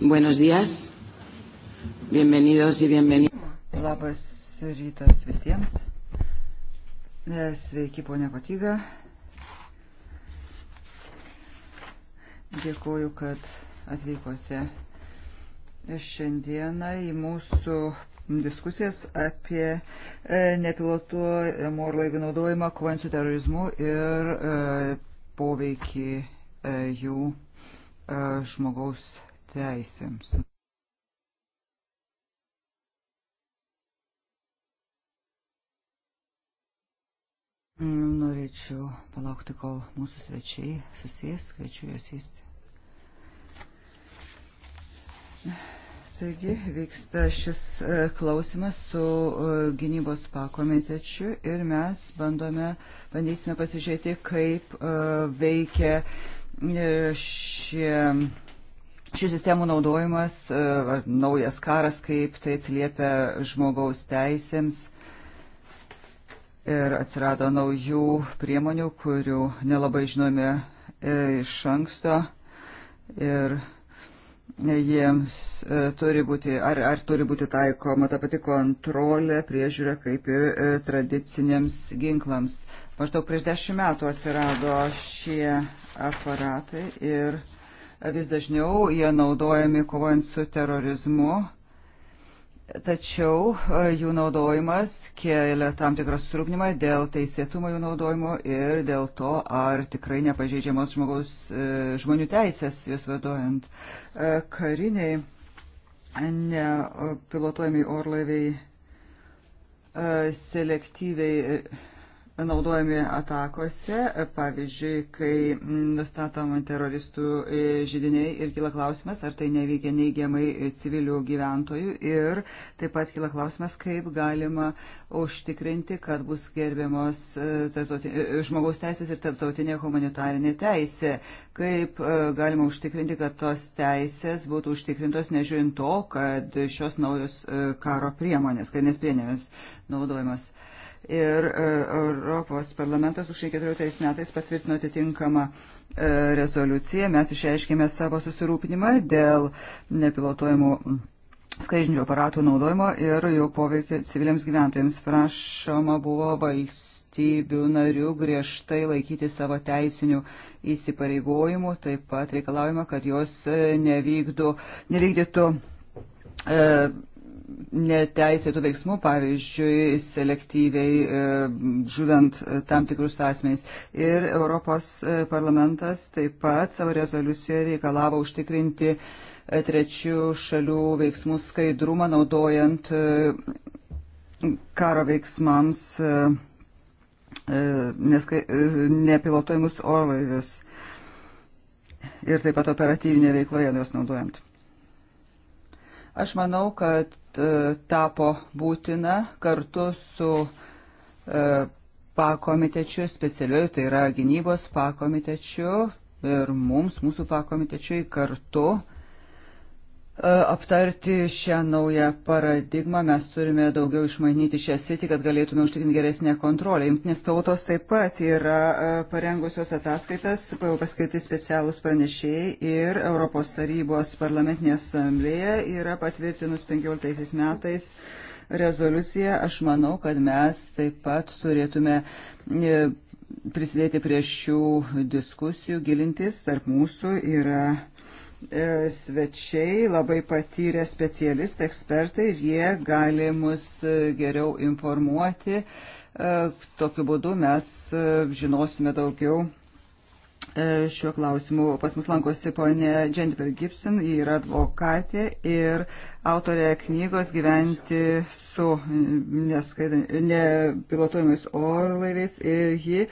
Buenos días. Bienvenidos y bienvenidos. Labas rytas visiems. Sveiki, ponia Patyga. Dėkuoju, kad atvykote šiandieną į mūsų diskusijas apie e, nepilotuojamų orlaivių naudojimą, kovant su terorizmu ir e, poveikį e, jų žmogaus teisėms. Norėčiau palaukti, kol mūsų svečiai susės, kviečiu juos įsti. Taigi vyksta šis e, klausimas su e, gynybos pakomitečiu ir mes bandome, bandysime pasižiūrėti, kaip e, veikia šie šių sistemų naudojimas, e, naujas karas, kaip tai atsiliepia žmogaus teisėms ir atsirado naujų priemonių, kurių nelabai žinome e, iš anksto ir e, jiems turi būti, ar, ar turi būti taikoma ta pati kontrolė, priežiūra kaip ir tradiciniams ginklams. Maždaug prieš dešimt metų atsirado šie aparatai ir vis dažniau jie naudojami kovojant su terorizmu, tačiau e, jų naudojimas kelia tam tikrą surūpnimą dėl teisėtumo jų naudojimo ir dėl to, ar tikrai nepažeidžiamos žmogaus, e, žmonių teisės juos vadojant e, kariniai nepilotuojami orlaiviai selektyviai naudojami atakose, pavyzdžiui, kai nustatoma teroristų e, žydiniai ir kyla klausimas, ar tai neveikia neigiamai civilių gyventojų ir taip pat kyla klausimas, kaip galima užtikrinti, kad bus gerbiamos e, e, žmogaus teisės ir tarptautinė humanitarinė teisė, kaip galima užtikrinti, kad tos teisės būtų užtikrintos nežiūrint to, kad šios naujos karo priemonės, karinės priemonės naudojamas ir e, Europos parlamentas už 14 metais patvirtino atitinkamą e, rezoliuciją. Mes išreiškėme savo susirūpinimą dėl nepilotuojamų skraidžiančių aparatų naudojimo ir jų poveikio civiliams gyventojams. Prašoma buvo valstybių narių griežtai laikyti savo teisinių įsipareigojimų, taip pat reikalaujama, kad jos e, nevykdu, nevykdytų e, neteisėtų veiksmų, pavyzdžiui, selektyviai e, žudant e, tam tikrus asmenys. Ir Europos e, parlamentas taip pat savo rezoliucijoje reikalavo užtikrinti trečių šalių veiksmų skaidrumą, naudojant karo veiksmams nepilotuojamus orlaivius ir taip pat operatyvinė veikloje juos naudojant. Aš manau, kad E, tapo būtina kartu su e, pakomitečiu specialiuoju, tai yra gynybos pakomitečiu ir mums, mūsų pakomitečiui kartu uh, E, aptarti šią naują paradigmą. Mes turime daugiau išmanyti šią sritį, kad galėtume užtikrinti geresnę kontrolę. Jungtinės tautos taip pat yra e, parengusios ataskaitas, paskirti specialūs pranešėjai ir Europos tarybos parlamentinė asamblėje yra patvirtinus 15 metais rezoliuciją. Aš manau, kad mes taip pat turėtume e, prisidėti prie šių diskusijų, gilintis tarp mūsų yra E, svečiai, labai patyrę specialistai, ekspertai ir jie gali mus e, geriau informuoti. E, tokiu būdu mes žinosime daugiau šiuo klausimu. Pas mus lankosi ponė Jennifer Gibson, ji yra advokatė ir autorė knygos gyventi su nepilotuojamais orlaiviais ir ji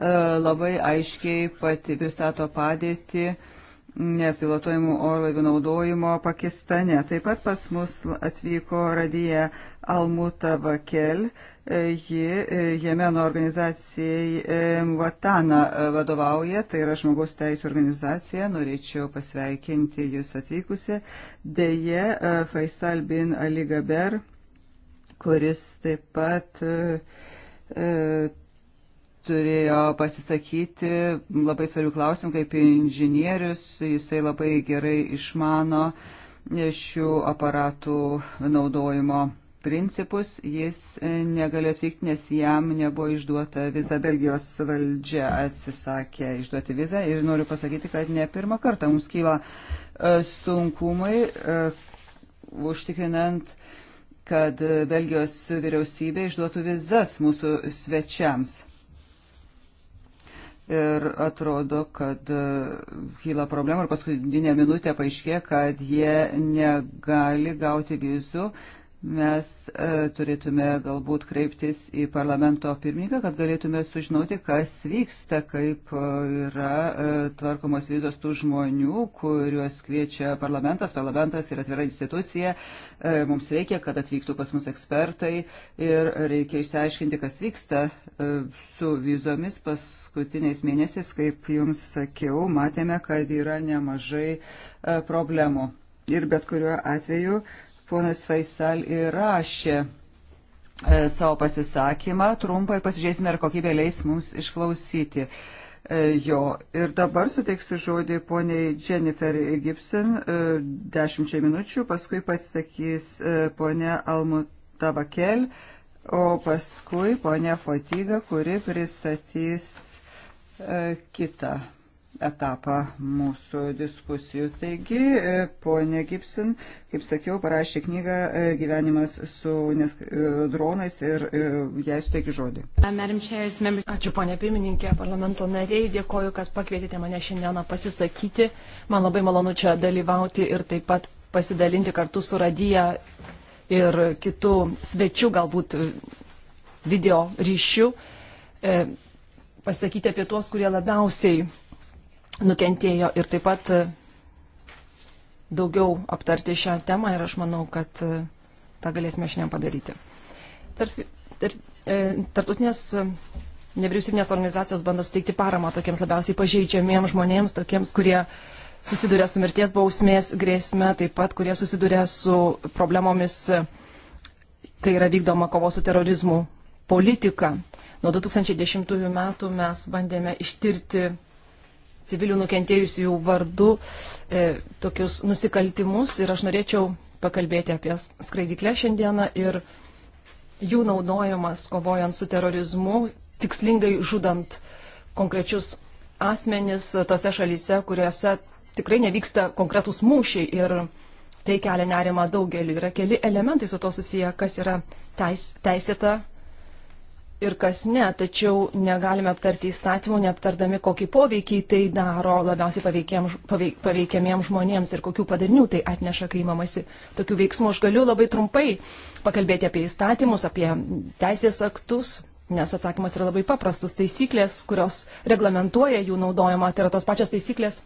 labai aiškiai pati pristato padėtį uh, nepilotuojamų orlaivių naudojimo Pakistane. Taip pat pas mus atvyko radija Almuta Vakel, e, ji e, Jemeno organizacijai Vatana e, vadovauja, tai yra žmogaus teisų organizacija, norėčiau pasveikinti jūs atvykusi. Deja, Faisal bin Ali Gaber, kuris taip pat turėjo pasisakyti labai svarbių klausimų, kaip inžinierius, jisai labai gerai išmano šių aparatų naudojimo principus, jis negalėjo atvykti, nes jam nebuvo išduota viza, Belgijos valdžia atsisakė išduoti vizą ir noriu pasakyti, kad ne pirmą kartą mums kyla e, sunkumai e, užtikrinant kad Belgijos vyriausybė išduotų vizas mūsų svečiams ir atrodo, kad e, kyla problema ir paskutinė minutė paaiškė, kad jie negali gauti vizų mes e, turėtume galbūt kreiptis į parlamento pirmininką, kad galėtume sužinoti, kas vyksta, kaip e, yra e, tvarkomos vizos tų žmonių, kuriuos kviečia parlamentas. Parlamentas yra atvira institucija, e, mums reikia, kad atvyktų pas mus ekspertai ir reikia išsiaiškinti, kas vyksta e, su vizomis paskutiniais mėnesiais, kaip jums sakiau, matėme, kad yra nemažai e, problemų. Ir bet kuriuo atveju ponas Faisal įrašė e, savo pasisakymą trumpą ir pasižiūrėsime, ar kokybė leis mums išklausyti e, jo. Ir dabar suteiksiu žodį poniai Jennifer Gibson e, dešimčiai minučių, paskui pasisakys ponia Almuta Vakel, o paskui ponia Fotyga, kuri pristatys kitą etapą mūsų diskusijų. Taigi, e, ponė Gibson, kaip sakiau, parašė knygą e, Gyvenimas su e, dronais ir jai suteikiu žodį. Ačiū, ponė pirmininkė, parlamento nariai, dėkoju, kad pakvietėte mane šiandieną pasisakyti. Man labai malonu čia dalyvauti ir taip pat pasidalinti kartu su Radija ir kitų svečių, galbūt video ryšių, e, pasakyti apie tuos, kurie labiausiai nukentėjo ir taip pat e, daugiau aptarti šią temą ir aš manau, kad e, tą galėsime šiandien padaryti. Tarp, tarp, e, tarptautinės e, nevyriausybinės organizacijos bando suteikti paramą tokiems labiausiai pažeidžiamiems žmonėms, tokiems, kurie susiduria su mirties bausmės grėsme, taip pat kurie susiduria su problemomis, kai yra vykdoma kovos su terorizmu politika. Nuo 2010 metų mes bandėme ištirti civilių nukentėjusių vardu e, tokius nusikaltimus ir aš norėčiau pakalbėti apie skraidyklę šiandieną ir jų naudojimas kovojant su terorizmu, tikslingai žudant konkrečius asmenis tose šalyse, kuriuose tikrai nevyksta konkretūs mūšiai ir tai kelia nerima daugeliu. Yra keli elementai su to susiję, kas yra teis, teisėta ir kas ne, tačiau negalime aptarti įstatymų, neaptardami, kokį poveikį tai daro labiausiai paveik, paveikiamiems žmonėms ir kokių padarinių tai atneša, kai įmamasi tokių veiksmų. Aš galiu labai trumpai pakalbėti apie įstatymus, apie teisės aktus, nes atsakymas yra labai paprastas. Taisyklės, kurios reglamentuoja jų naudojimą, tai yra tos pačios taisyklės,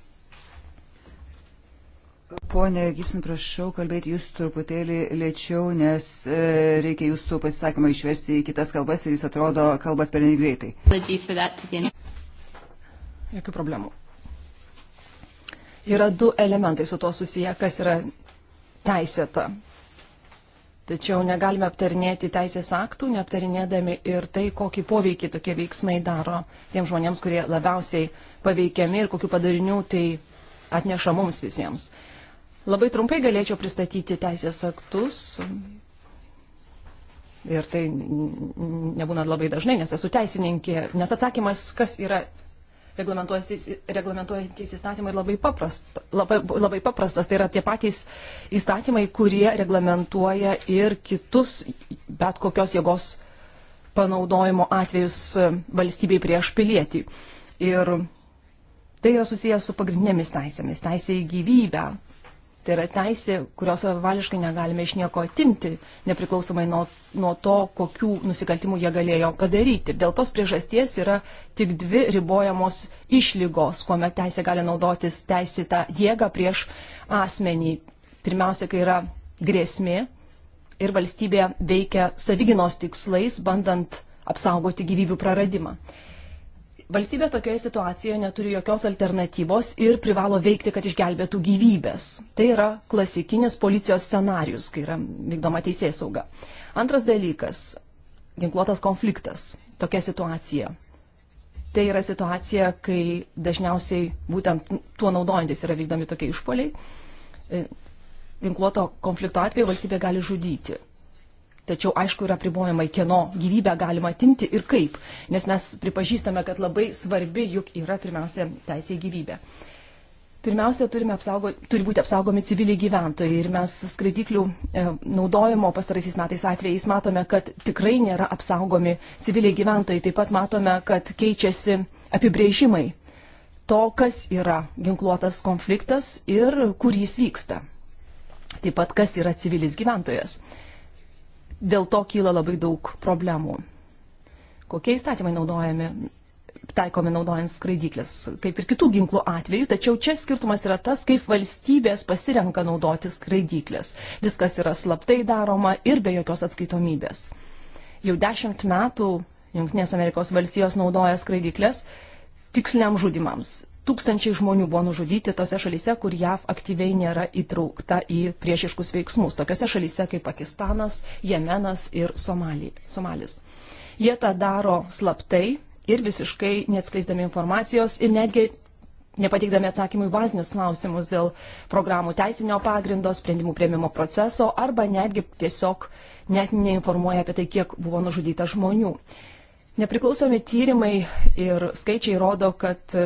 Pone Gipsin, prašau kalbėti jūs truputėlį lėčiau, nes e, reikia jūsų pasisakymą išversti į kitas kalbas ir jūs atrodo kalbat per greitai. Jokių problemų. Yra du elementai su tuo susiję, kas yra teisėta. Tačiau negalime aptarinėti teisės aktų, neaptarinėdami ir tai, kokį poveikį tokie veiksmai daro tiems žmonėms, kurie labiausiai paveikiami ir kokiu padariniu tai atneša mums visiems. Labai trumpai galėčiau pristatyti teisės aktus. Ir tai nebūna labai dažnai, nes esu teisininkė. Nes atsakymas, kas yra reglamentuojantys įstatymai labai, paprast, labai, labai paprastas. Tai yra tie patys įstatymai, kurie reglamentuoja ir kitus bet kokios jėgos panaudojimo atvejus valstybei prieš pilietį. Ir tai yra susijęs su pagrindinėmis teisėmis - teisė į gyvybę, Tai yra teisė, kurios savavališkai negalime iš nieko atimti, nepriklausomai nuo, nuo to, kokių nusikaltimų jie galėjo padaryti. Dėl tos priežasties yra tik dvi ribojamos išlygos, kuomet teisė gali naudotis teisėtą jėgą prieš asmenį. Pirmiausia, kai yra grėsmė ir valstybė veikia saviginos tikslais, bandant apsaugoti gyvybių praradimą. Valstybė tokioje situacijoje neturi jokios alternatyvos ir privalo veikti, kad išgelbėtų gyvybės. Tai yra klasikinis policijos scenarius, kai yra vykdoma teisės sauga. Antras dalykas - ginkluotas konfliktas. Tokia situacija. Tai yra situacija, kai dažniausiai būtent tuo naudojantis yra vykdomi tokie išpoliai. E, ginkluoto konflikto atveju valstybė gali žudyti Tačiau aišku yra pribojimai, kieno gyvybę galima atimti ir kaip, nes mes pripažįstame, kad labai svarbi juk yra pirmiausia teisė į gyvybę. Pirmiausia, apsaugo, turi būti apsaugomi civiliai gyventojai ir mes skraidiklių e, naudojimo pastaraisiais metais atvejais matome, kad tikrai nėra apsaugomi civiliai gyventojai. Taip pat matome, kad keičiasi apibrėžimai to, kas yra ginkluotas konfliktas ir kur jis vyksta. Taip pat, kas yra civilis gyventojas dėl to kyla labai daug problemų. Kokie įstatymai naudojami, taikomi naudojant skraidyklės, kaip ir kitų ginklų atveju, tačiau čia skirtumas yra tas, kaip valstybės pasirenka naudoti skraidyklės. Viskas yra slaptai daroma ir be jokios atskaitomybės. Jau dešimt metų Junktinės Amerikos valstijos naudoja skraidyklės tiksliniam žudimams tūkstančiai žmonių buvo nužudyti tose šalyse, kur JAV aktyviai nėra įtraukta į priešiškus veiksmus. Tokiose šalyse kaip Pakistanas, Jemenas ir Somali, Somalis. Jie tą daro slaptai ir visiškai neatskleisdami informacijos ir netgi nepateikdami atsakymų į bazinius klausimus dėl programų teisinio pagrindo, sprendimų prieimimo proceso arba netgi tiesiog net neinformuoja apie tai, kiek buvo nužudyta žmonių. Nepriklausomi tyrimai ir skaičiai rodo, kad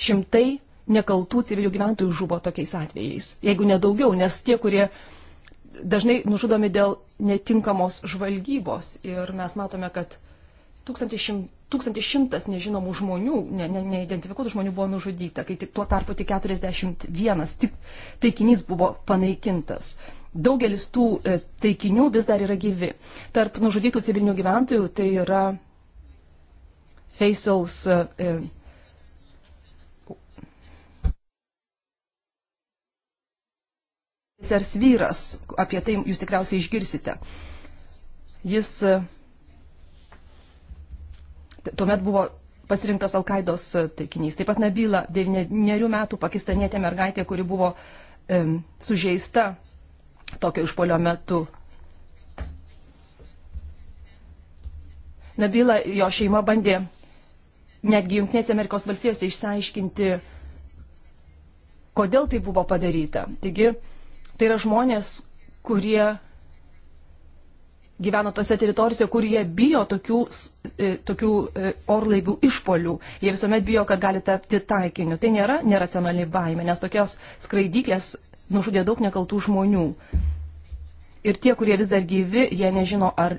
Šimtai nekaltų civilių gyventojų žuvo tokiais atvejais, jeigu nedaugiau, nes tie, kurie dažnai nužudomi dėl netinkamos žvalgybos. Ir mes matome, kad 1100 nežinomų žmonių, ne, ne, neidentifikuotų žmonių buvo nužudyta, kai tik tuo tarpu tik 41 tik taikinys buvo panaikintas. Daugelis tų e, taikinių vis dar yra gyvi. Tarp nužudytų civilinių gyventojų tai yra Faisals. E, sers vyras, apie tai jūs tikriausiai išgirsite. Jis e, tuomet buvo pasirinktas Alkaidos e, taikinys. Taip pat Nabila, 9 metų pakistanietė mergaitė, kuri buvo um, sužeista tokio išpolio metu. Nabila, jo šeima bandė netgi Junktinėse Amerikos valstijose išsiaiškinti, kodėl tai buvo padaryta. Taigi, Tai yra žmonės, kurie gyvena tose teritorijose, kur jie bijo tokių, e, tokių e, orlaivių išpolių. Jie visuomet bijo, kad gali tapti taikiniu. Tai nėra neracionali baime, nes tokios skraidyklės nužudė daug nekaltų žmonių ir tie, kurie vis dar gyvi, jie nežino, ar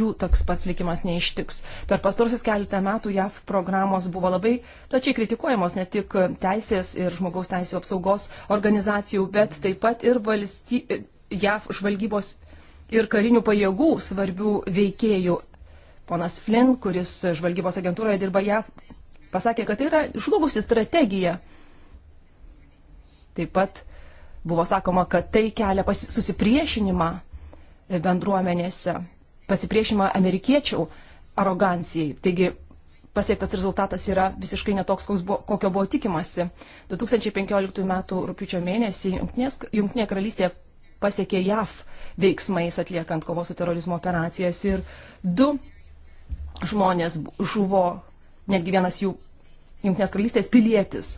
jų toks pats likimas neištiks. Per pastarosius keletą metų JAF programos buvo labai plačiai kritikuojamos ne tik teisės ir žmogaus teisų apsaugos organizacijų, bet taip pat ir valsty... JAF žvalgybos ir karinių pajėgų svarbių veikėjų. Ponas Flynn, kuris žvalgybos agentūroje dirba JAF, pasakė, kad tai yra žlugusi strategija. Taip pat Buvo sakoma, kad tai kelia susipriešinimą bendruomenėse, pasipriešinimą amerikiečių arogancijai. Taigi pasiektas rezultatas yra visiškai netoks, buvo, kokio buvo tikimasi. 2015 m. rūpiučio mėnesį Junktinė karalystė pasiekė JAV veiksmais atliekant kovos su terorizmo operacijas ir du žmonės žuvo, netgi vienas jų Junktinės karalystės pilietis.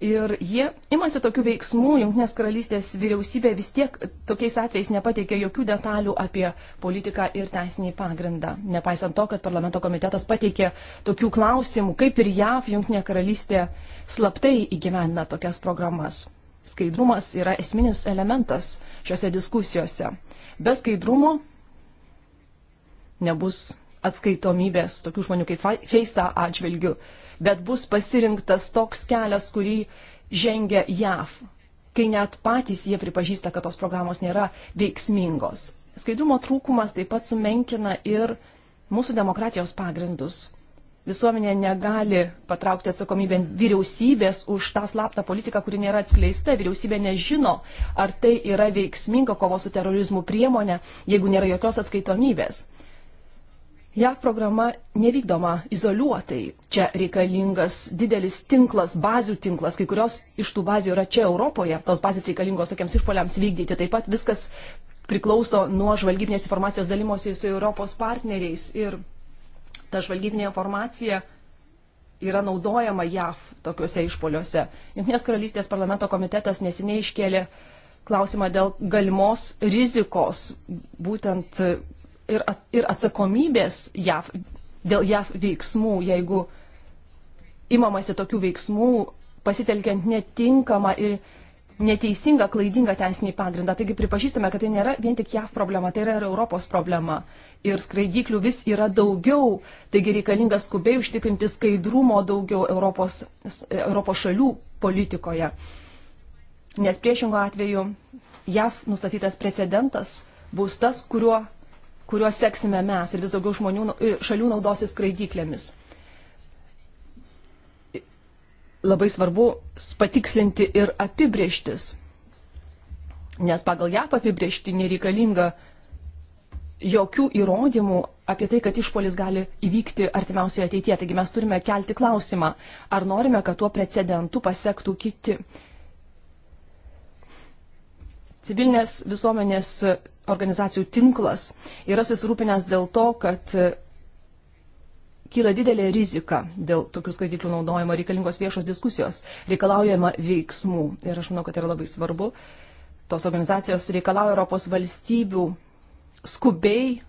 Ir jie imasi tokių veiksmų, Junktinės karalystės vyriausybė vis tiek tokiais atvejais nepateikė jokių detalių apie politiką ir teisinį pagrindą. Nepaisant to, kad parlamento komitetas pateikė tokių klausimų, kaip ir JAV Junktinė karalystė slaptai įgyvendina tokias programas. Skaidrumas yra esminis elementas šiuose diskusijose. Be skaidrumo nebus atskaitomybės tokių žmonių kaip Feista atžvilgių. Fa bet bus pasirinktas toks kelias, kurį žengia JAV, kai net patys jie pripažįsta, kad tos programos nėra veiksmingos. Skaidrumo trūkumas taip pat sumenkina ir mūsų demokratijos pagrindus. Visuomenė negali patraukti atsakomybę vyriausybės už tą slaptą politiką, kuri nėra atskleista. Vyriausybė nežino, ar tai yra veiksminga kovo su terorizmu priemonė, jeigu nėra jokios atskaitomybės. JAV programa nevykdoma izoliuotai. Čia reikalingas didelis tinklas, bazių tinklas, kai kurios iš tų bazių yra čia Europoje, tos bazės reikalingos tokiems išpoliams vykdyti. Taip pat viskas priklauso nuo žvalgybinės informacijos dalymosi su Europos partneriais ir ta žvalgybinė informacija yra naudojama JAV tokiuose išpoliuose. Junktinės karalystės parlamento komitetas neseniai iškėlė klausimą dėl galimos rizikos būtent ir, at, ir atsakomybės JAV, dėl JAV veiksmų, jeigu imamasi tokių veiksmų, pasitelkiant netinkamą ir neteisingą, klaidingą teisinį pagrindą. Taigi pripažįstame, kad tai nėra vien tik JAV problema, tai yra ir Europos problema. Ir skraidyklių vis yra daugiau, taigi reikalinga skubiai užtikrinti skaidrumo daugiau Europos, Europos šalių politikoje. Nes priešingo atveju JAV nustatytas precedentas bus tas, kuriuo kuriuos seksime mes ir vis daugiau žmonių, e, šalių naudosis skraidyklėmis. Labai svarbu patikslinti ir apibrieštis, nes pagal ją apibriešti nereikalinga jokių įrodymų apie tai, kad išpolis gali įvykti artimiausioje ateityje. Taigi mes turime kelti klausimą, ar norime, kad tuo precedentu pasektų kiti. Civilinės visuomenės organizacijų tinklas yra susirūpinęs dėl to, kad e, kyla didelė rizika dėl tokių skaitiklių naudojimo, reikalingos viešos diskusijos, reikalaujama veiksmų. Ir aš manau, kad yra labai svarbu. Tos organizacijos reikalauja Europos valstybių skubiai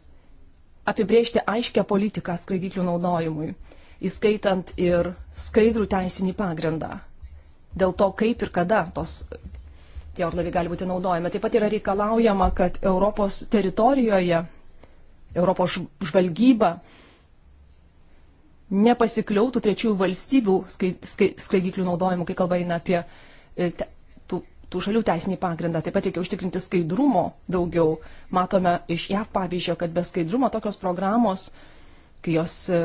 apibriežti aiškę politiką skraidiklių naudojimui, įskaitant ir skaidrų teisinį pagrindą dėl to, kaip ir kada tos tie orlaiviai gali būti naudojami. Taip pat yra reikalaujama, kad Europos teritorijoje, Europos žvalgyba nepasikliautų trečiųjų valstybių skraidyklių naudojimu, kai kalba eina apie e, te, tų, tų šalių teisinį pagrindą. Taip pat reikia užtikrinti skaidrumo daugiau. Matome iš JAV pavyzdžio, kad be skaidrumo tokios programos, kai jos e,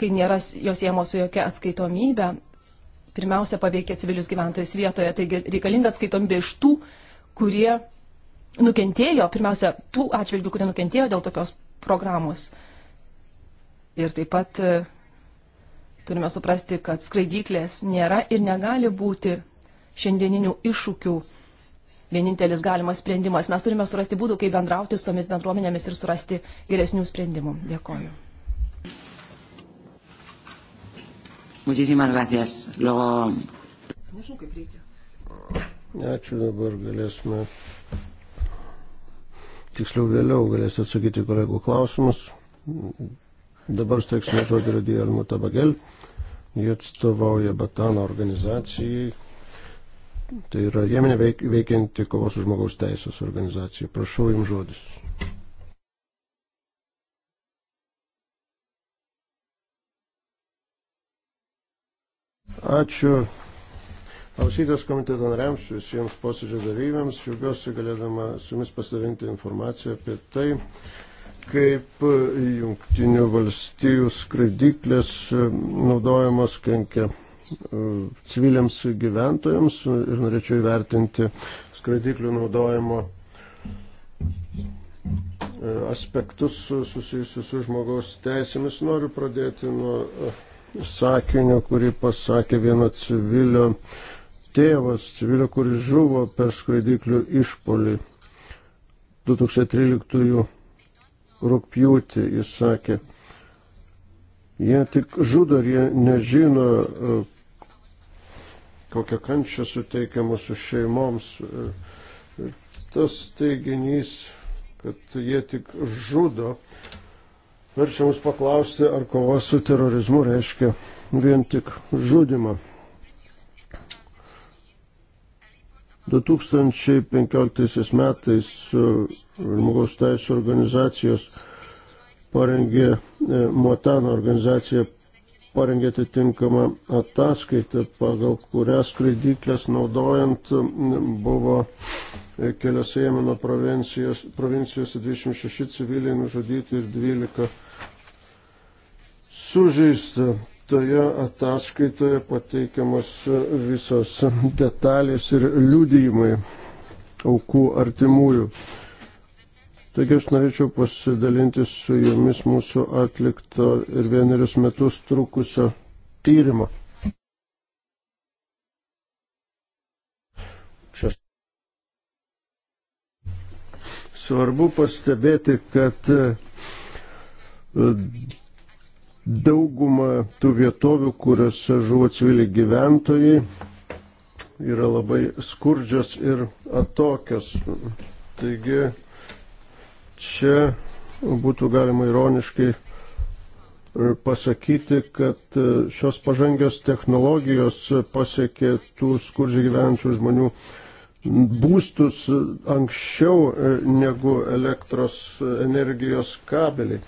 kai nėra jos siemos su jokia atskaitomybė, pirmiausia paveikia civilius gyventojus vietoje. Taigi reikalinga atskaitomybė iš tų, kurie nukentėjo, pirmiausia, tų atžvilgių, kurie nukentėjo dėl tokios programos. Ir taip pat e, turime suprasti, kad skraidyklės nėra ir negali būti šiandieninių iššūkių vienintelis galimas sprendimas. Mes turime surasti būdų, kaip bendrauti su tomis bendruomenėmis ir surasti geresnių sprendimų. Dėkoju. Muchísimas gracias. Luego. Ačiū dabar galėsime. Tiksliau vėliau galės atsakyti kolegų klausimus. Dabar steiksime žodį Radijalmo Tabagel. Jie atstovauja Batano organizacijai. Tai yra jėmenė veikianti kovos už žmogaus teisės organizacija. Prašau jums žodis. Ačiū Klausytės komiteto nariams, visiems posėdžio dalyviams, džiaugiuosi galėdama su jumis pasidalinti informaciją apie tai, kaip jungtinių valstijų skraidyklės e, naudojamos kenkia e, civiliams gyventojams ir norėčiau įvertinti skraidyklių naudojimo e, aspektus susijusius su žmogaus teisėmis. Noriu pradėti nuo sakiniu, kurį pasakė vieno civilio tėvas, civilio, kuris žuvo per skraidiklių išpolį 2013 rūpjūtį, jis sakė, jie tik žudo ir jie nežino, e, kokią kančią suteikia mūsų šeimoms. Ir e, e, tas teiginys, kad jie tik žudo, verčia mus paklausti, ar kova su terorizmu reiškia vien tik žudimą. 2015 metais e, žmogaus teisų organizacijos parengė, e, Motano organizacija parengė atitinkamą ataskaitą, pagal kurią skraidyklės naudojant e, buvo keliose Jemeno provincijose 26 civiliai nužudyti ir 12 sužeista. Toje ataskaitoje pateikiamas visos detalės ir liudijimai aukų artimųjų. Taigi aš norėčiau pasidalinti su jumis mūsų atlikto ir vienerius metus trukusio tyrimo. Čia. Svarbu pastebėti, kad Dauguma tų vietovių, kuriuose žuvo civiliai gyventojai, yra labai skurdžios ir atokios. Taigi čia būtų galima ironiškai e, pasakyti, kad e, šios pažangios technologijos pasiekė tų skurdžiai gyvenčių žmonių būstus e, anksčiau negu elektros energijos kabeliai.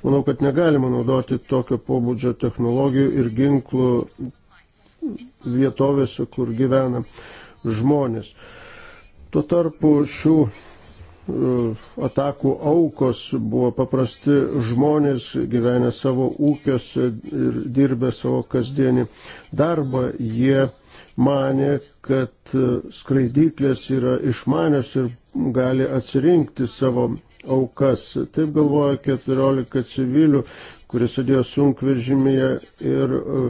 Aš manau, kad negalima naudoti tokio pobūdžio technologijų ir ginklų vietovėse, kur gyvena žmonės. Tuo tarpu šių e, atakų aukos buvo paprasti žmonės, gyvenę savo ūkiuose ir dirbę savo kasdienį darbą. Jie mane, kad skraidyklės yra išmanios ir gali atsirinkti savo aukas. Taip galvoja 14 civilių, kurie sėdėjo sunkvežimėje ir uh,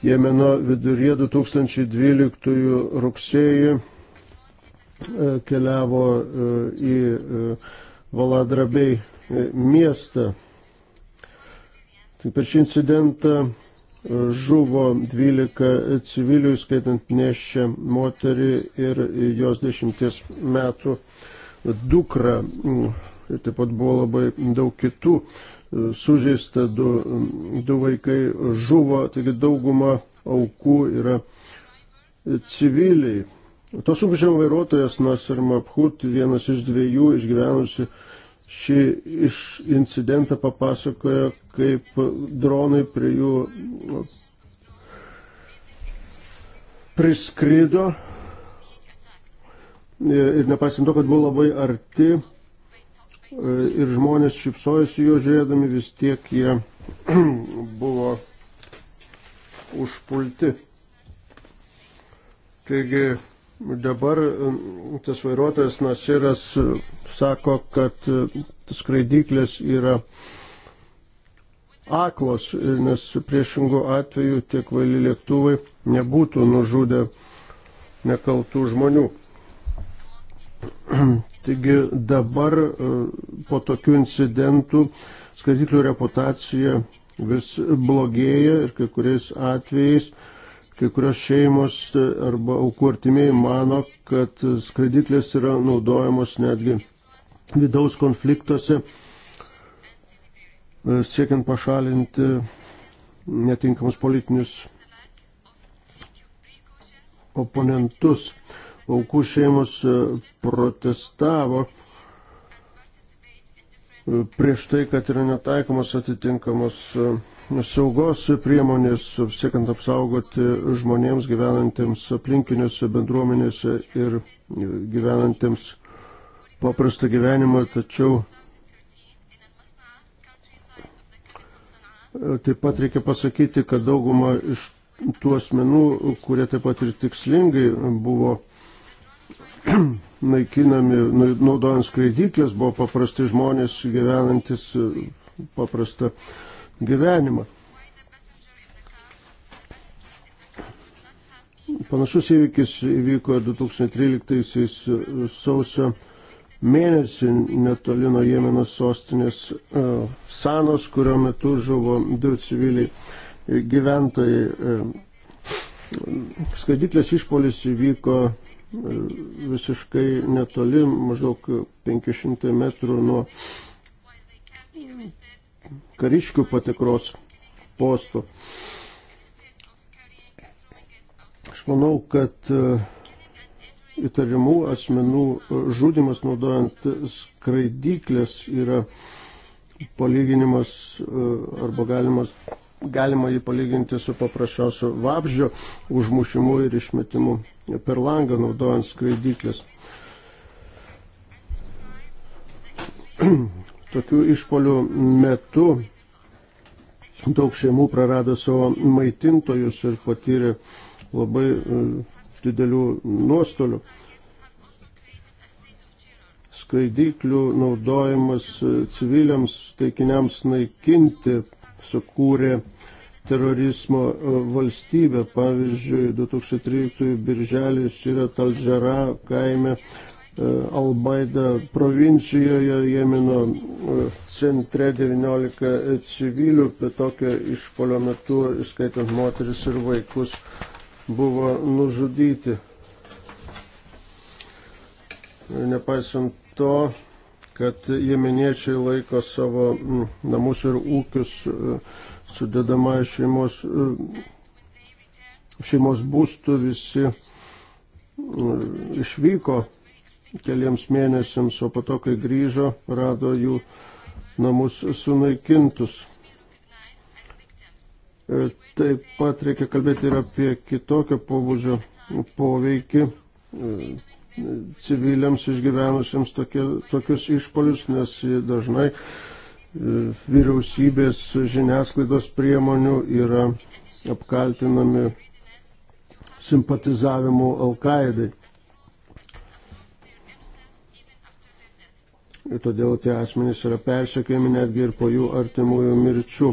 Jemeno viduryje 2012 rugsėjį uh, keliavo uh, į Valadrabei miestą. Tai per šį incidentą žuvo 12 civilių, skaitant neščią moterį ir jos 10 metų dukrą ir taip pat buvo labai daug kitų e, sužeista, du, du vaikai žuvo, taigi dauguma aukų yra e, civiliai. To sunkvežimio vairuotojas Nasir Mabhut, vienas iš dviejų išgyvenusių šį iš incidentą, papasakojo, kaip dronai prie jų priskrido e, ir nepaisant to, kad buvo labai arti, ir žmonės šipsojosi jo žiūrėdami, vis tiek jie buvo užpulti. Taigi dabar um, tas vairuotojas Nasiras um, sako, kad um, skraidyklės yra aklos, nes priešingų atveju tie kvaili lėktuvai nebūtų nužudę nekaltų žmonių. Taigi dabar e, po tokių incidentų skaitiklių reputacija vis blogėja ir kai kuriais atvejais kai kurios šeimos e, arba aukų artimiai mano, kad skraidiklės yra naudojamos netgi vidaus konfliktuose, e, siekiant pašalinti netinkamus politinius oponentus aukų šeimos e, protestavo e, prieš tai, kad yra netaikomos atitinkamos e, saugos priemonės, siekiant apsaugoti žmonėms gyvenantiems aplinkiniuose bendruomenėse ir gyvenantiems paprastą gyvenimą, tačiau taip pat reikia pasakyti, kad dauguma iš tų asmenų, kurie taip pat ir tikslingai buvo naikinami, naudojant skraidyklės, buvo paprasti žmonės gyvenantis e, paprastą gyvenimą. Panašus įvykis įvyko 2013 e, sausio mėnesį netoli nuo Jemeno sostinės e, Sanos, kurio metu žuvo du civiliai gyventojai. Skaidiklės išpolis įvyko visiškai netoli, maždaug 500 metrų nuo kariškių patikros posto. Aš manau, kad e, įtariamų asmenų e, žudimas naudojant skraidyklės yra palyginimas e, arba galimas, galima jį palyginti su paprasčiausiu vabžio užmušimu ir išmetimu per langą naudojant skraidyklės. Tokių išpolių metu daug šeimų prarado savo maitintojus ir patyrė labai e, didelių nuostolių. Skraidyklių naudojimas e, civiliams taikiniams naikinti sukūrė uh, terorizmo e, valstybę. Pavyzdžiui, 2013 birželį Šira Talžera kaime e, Albaida provincijoje Jemino e, centre 19 civilių, bet tokio išpolio metu, skaitant moteris ir vaikus, buvo nužudyti. Nepaisant to, kad jemeniečiai laiko savo namus ir ūkius uh, sudedama šeimos, e, šeimos būstų visi e, išvyko keliams mėnesiams, o po to, kai grįžo, rado jų namus sunaikintus. E, taip pat reikia kalbėti ir apie kitokio pobūdžio poveikį civiliams išgyvenusiems tokie, tokius išpolius, nes dažnai vyriausybės žiniasklaidos priemonių yra apkaltinami simpatizavimu Alkaidai. Ir todėl tie asmenys yra persekėjami netgi ir po jų artimųjų mirčių.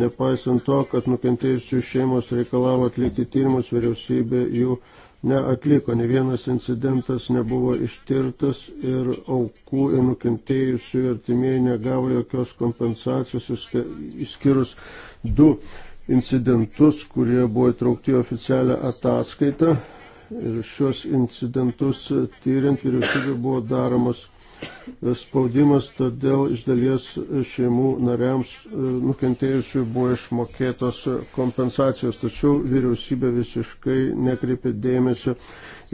Nepaisant to, kad nukentėjusių šeimos reikalavo atlikti tyrimus, vyriausybė jų neatliko, ne vienas incidentas nebuvo ištirtas ir aukų ir nukentėjusių artimieji negavo jokios kompensacijos, išskyrus du incidentus, kurie buvo įtraukti oficialią ataskaitą. Ir šios incidentus tyriant vyriausybė buvo daromos spaudimas, todėl iš dalies šeimų nariams e, nukentėjusių buvo išmokėtos kompensacijos, tačiau vyriausybė visiškai nekreipė dėmesio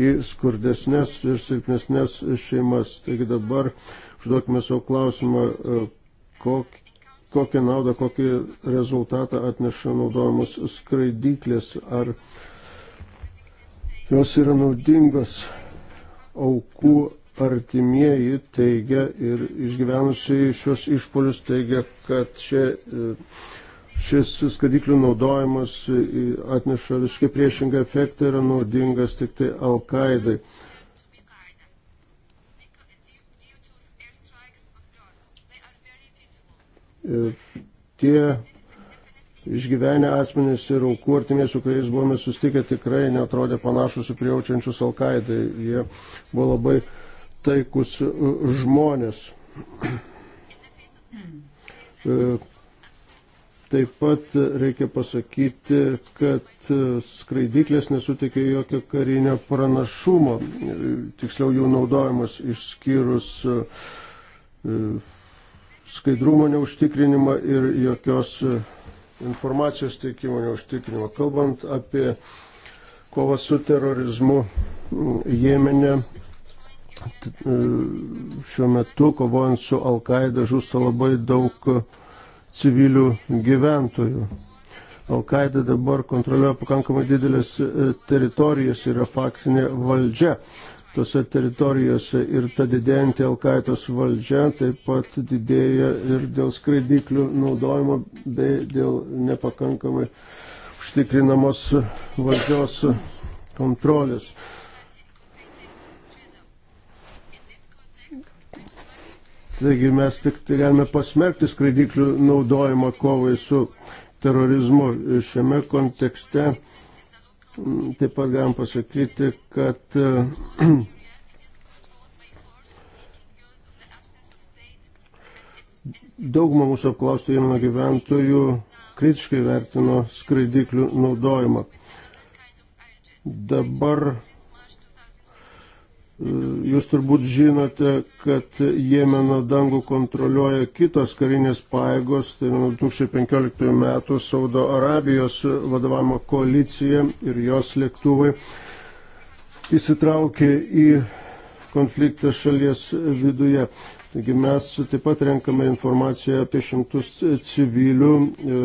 į skurdesnės ir silpnesnės šeimas. Taigi dabar užduokime savo klausimą, e, kokį kokią naudą, kokį rezultatą atneša naudojamos skraidyklės, ar jos yra naudingos aukų artimieji teigia ir išgyvenusiai šios išpolius teigia, kad čia, e, šis skadiklių naudojimas e, atneša visiškai priešingą efektą ir yra naudingas tik tai Al-Qaidai. E, tie išgyvenę asmenys ir aukų artimės, su kuriais buvome sustikę, tikrai netrodė panašus į prijaučiančius Al-Qaidai. Jie buvo labai uh, taikus e, žmonės. E, taip pat reikia pasakyti, kad e, skraidyklės nesuteikia jokio karinio pranašumo, tiksliau jų naudojimas išskyrus skaidrumo neužtikrinimą ir jokios informacijos teikimo neužtikrinimą. Kalbant apie kovą su terorizmu Jemenė, Šiuo metu, kovojant su Alkaida, žūsta labai daug civilių gyventojų. Alkaida dabar kontroliuoja pakankamai didelės e, teritorijas, yra faktinė valdžia tose teritorijose ir ta didėjanti Alkaitos valdžia taip pat didėja ir dėl skraidiklių naudojimo bei dėl nepakankamai užtikrinamos valdžios kontrolės. Taigi mes tik tai galime pasmerkti skraidiklių naudojimą kovai su terorizmu. Ir šiame kontekste taip pat galim pasakyti, kad daugumą mūsų apklaustų Jemeno gyventojų kritiškai vertino skraidiklių naudojimą. Dabar E, jūs turbūt žinote, kad Jemeno dangų kontroliuoja kitos karinės paėgos, tai nuo 2015 metų Saudo Arabijos vadovavimo koalicija ir jos lėktuvai įsitraukė į konfliktą šalies viduje. Taigi mes taip pat renkame informaciją apie šimtus civilių. E,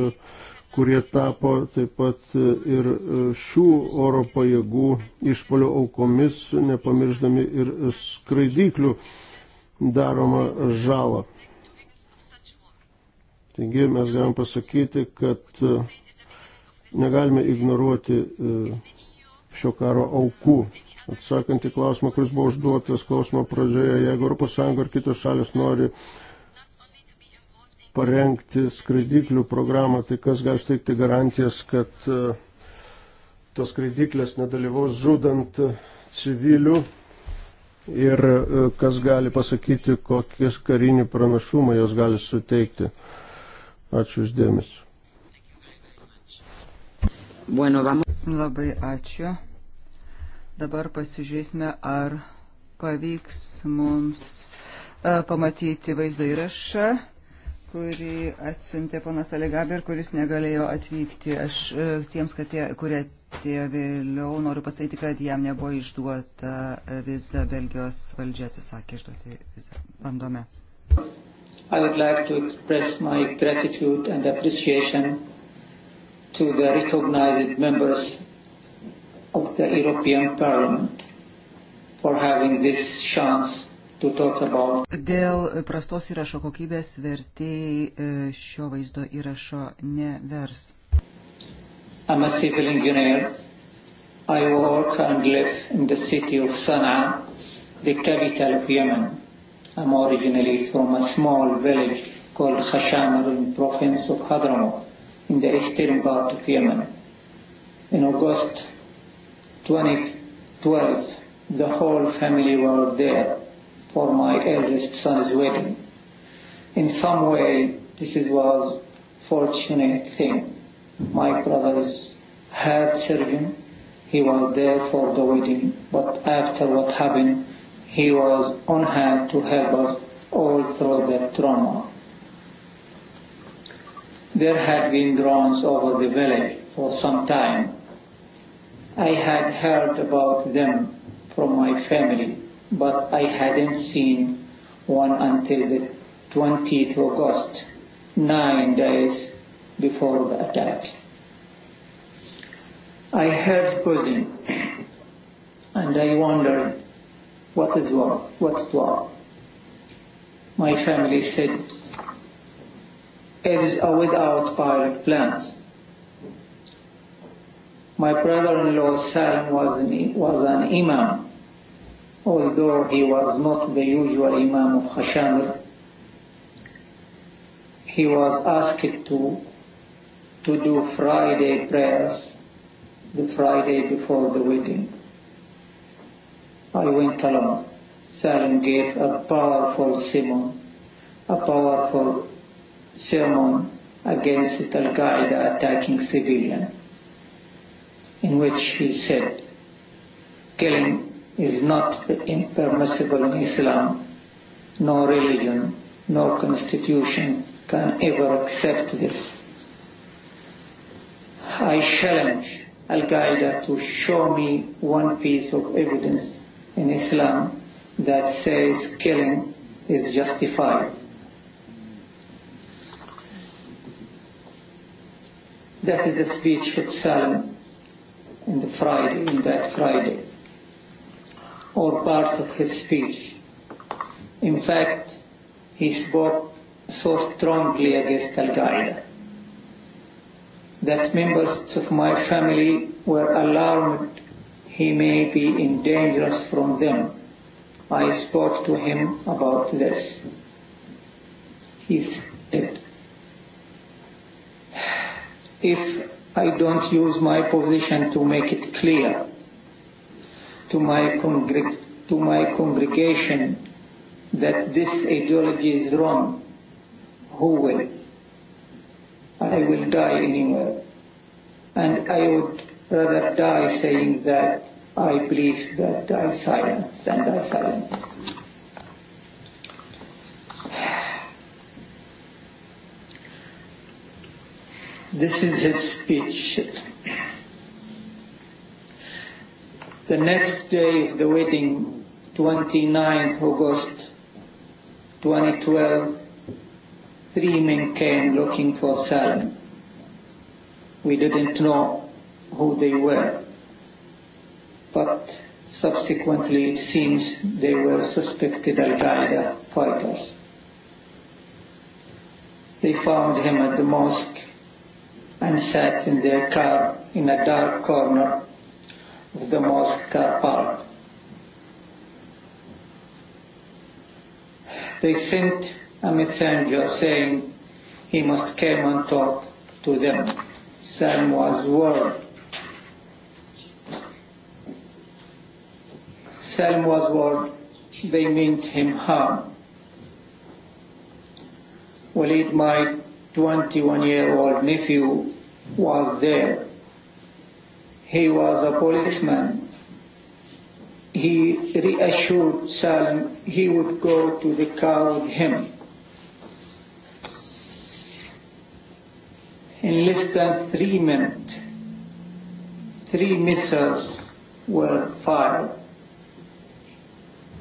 kurie tapo taip pat e, ir e, šių oro pajėgų išpolio aukomis, nepamirždami ir skraidyklių daromą žalą. Taigi mes galim pasakyti, kad e, negalime ignoruoti šio karo aukų. Atsakant į klausimą, kuris buvo užduotas klausimo pradžioje, jeigu ES ar kitos šalis nori parengti skraidiklių programą, tai kas gali suteikti garantijas, kad e, tos skraidiklės nedalyvaus žudant e, civilių ir e, kas gali pasakyti, kokie karinį pranašumą jos gali suteikti. Ačiū uždėmesi. Bueno, vamos. Labai ačiū. Dabar pasižiūrėsime, ar pavyks mums pamatyti vaizdo įrašą kurį atsiuntė ponas Alegaber, kuris negalėjo atvykti. Aš e, tiems, tie, kurie atėjo vėliau, noriu pasakyti, kad jam nebuvo išduota e, viza, Belgijos valdžia atsisakė išduoti vizą. Bandome. I would like to express my gratitude and appreciation to the recognized members of the European Parliament for having this chance Dėl prastos įrašo kokybės vertėjai e, šio vaizdo įrašo nevers. I'm a civil engineer. I work and live in the city of Sana'a, the capital of Yemen. I'm originally from a small village called Khashamar in province of Hadramaut, in the eastern part of Yemen. In August 2012, the whole family were there for my eldest son's wedding. In some way, this is was fortunate thing. My brothers had serving. He was there for the wedding, but after what happened, he was on hand to help us all through that trauma. There had been drones over the village for some time. I had heard about them from my family but I hadn't seen one until the 20th August, nine days before the attack. I heard buzzing and I wondered what is wrong, what's wrong. My family said, it is without pilot plans. My brother-in-law Salim was an, was an imam although he was not the usual Imam of Hashamir, he was asked to, to do Friday prayers the Friday before the wedding. I went along. Salim gave a powerful sermon, a powerful sermon against Al-Qaeda attacking civilians, in which he said, killing is not impermissible in Islam. No religion, no constitution can ever accept this. I challenge Al Qaeda to show me one piece of evidence in Islam that says killing is justified. That is the speech of Salim in the Friday, in that Friday or parts of his speech. In fact, he spoke so strongly against Al Qaeda that members of my family were alarmed he may be in danger from them. I spoke to him about this. He said, if I don't use my position to make it clear, to my, congreg- to my congregation that this ideology is wrong, who will? I will die anywhere. And I would rather die saying that I believe that I silent than I silent. This is his speech. The next day of the wedding, 29th August 2012, three men came looking for Salim. We didn't know who they were, but subsequently it seems they were suspected Al-Qaeda fighters. They found him at the mosque and sat in their car in a dark corner the mosque car park. They sent a messenger saying he must come and talk to them. Sam was worried. Sam was worried they meant him harm. Walid, my 21 year old nephew, was there He was a policeman. He reassured Salim he would go to the car with him. In less than three minutes, three missiles were fired.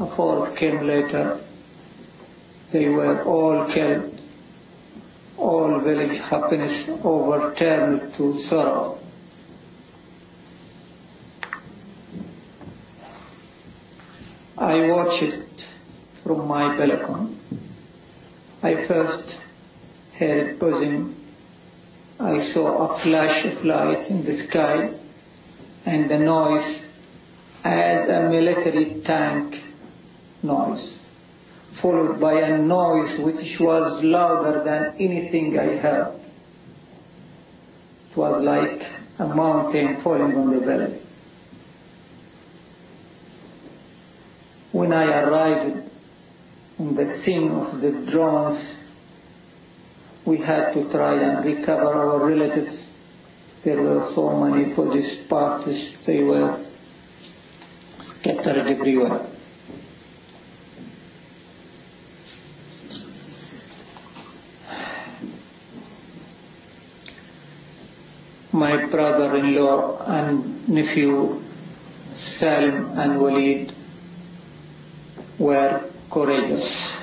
A fourth came later. They were all killed. All village happiness overturned to sorrow. I watched it from my balcony. I first heard it buzzing. I saw a flash of light in the sky and the noise as a military tank noise, followed by a noise which was louder than anything I heard. It was like a mountain falling on the valley. When I arrived on the scene of the dramas, we had to try and recover our relatives. There were so many Buddhist parties, they were scattered everywhere. My brother-in-law and nephew Salim and Walid were courageous,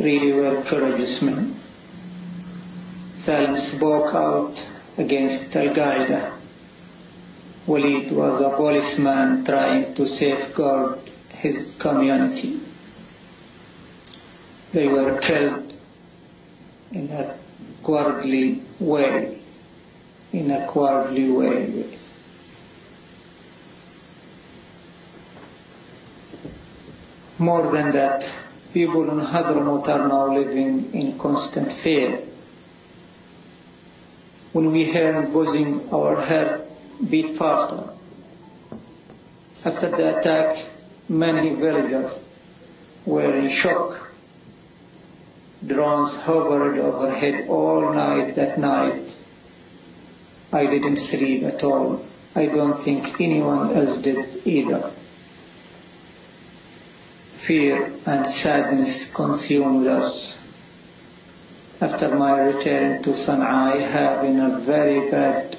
really were courageous men. Salim spoke out against Al Qaeda. Walid was a policeman trying to safeguard his community. They were killed in a cowardly way, in a cowardly way. More than that, people in Hadramaut are now living in constant fear. When we heard buzzing, our heart beat faster. After the attack, many villagers were in shock. Drones hovered overhead all night that night. I didn't sleep at all. I don't think anyone else did either fear and sadness consumed us. After my return to Sana'a, I have in a very bad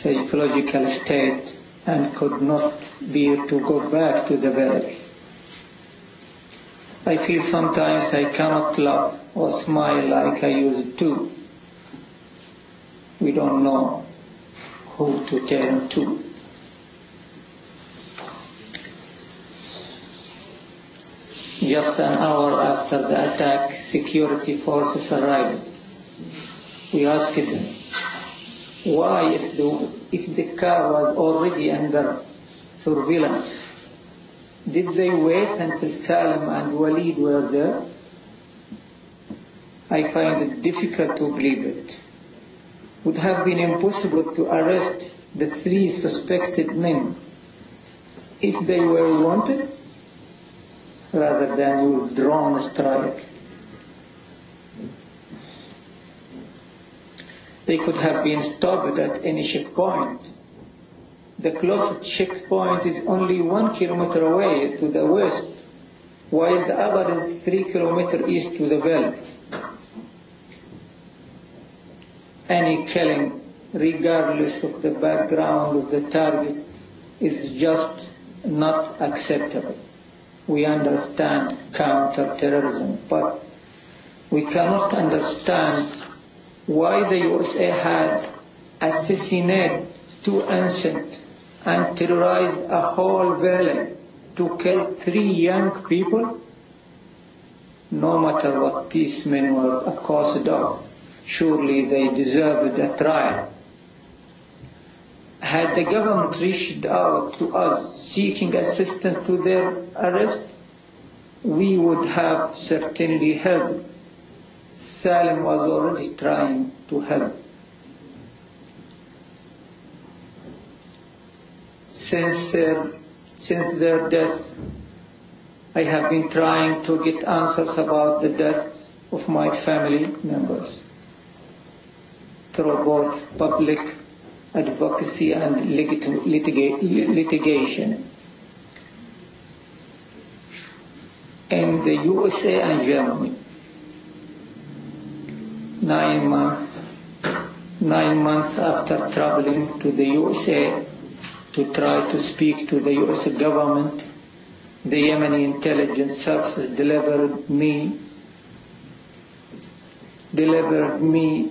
psychological state and could not bear to go back to the valley. I feel sometimes I cannot laugh or smile like I used to. We don't know who to turn to. Just an hour after the attack, security forces arrived. We asked them, why if the, if the car was already under surveillance, did they wait until Salim and Walid were there? I find it difficult to believe it. Would have been impossible to arrest the three suspected men if they were wanted rather than use drone strike. They could have been stopped at any checkpoint. The closest checkpoint is only one kilometer away to the west, while the other is three kilometers east to the belt. Any killing, regardless of the background of the target, is just not acceptable we understand counter-terrorism, but we cannot understand why the USA had assassinated two innocent and terrorized a whole village to kill three young people, no matter what these men were accused of. Surely they deserved a trial Had the government reached out to us seeking assistance to their arrest, we would have certainly helped. Salem was already trying to help. Since, uh, since their death, I have been trying to get answers about the death of my family members through both public advocacy and litiga litiga litigation. And the USA and Germany. Nine months, nine months after traveling to the USA to try to speak to the US government, the Yemeni intelligence services delivered me, delivered me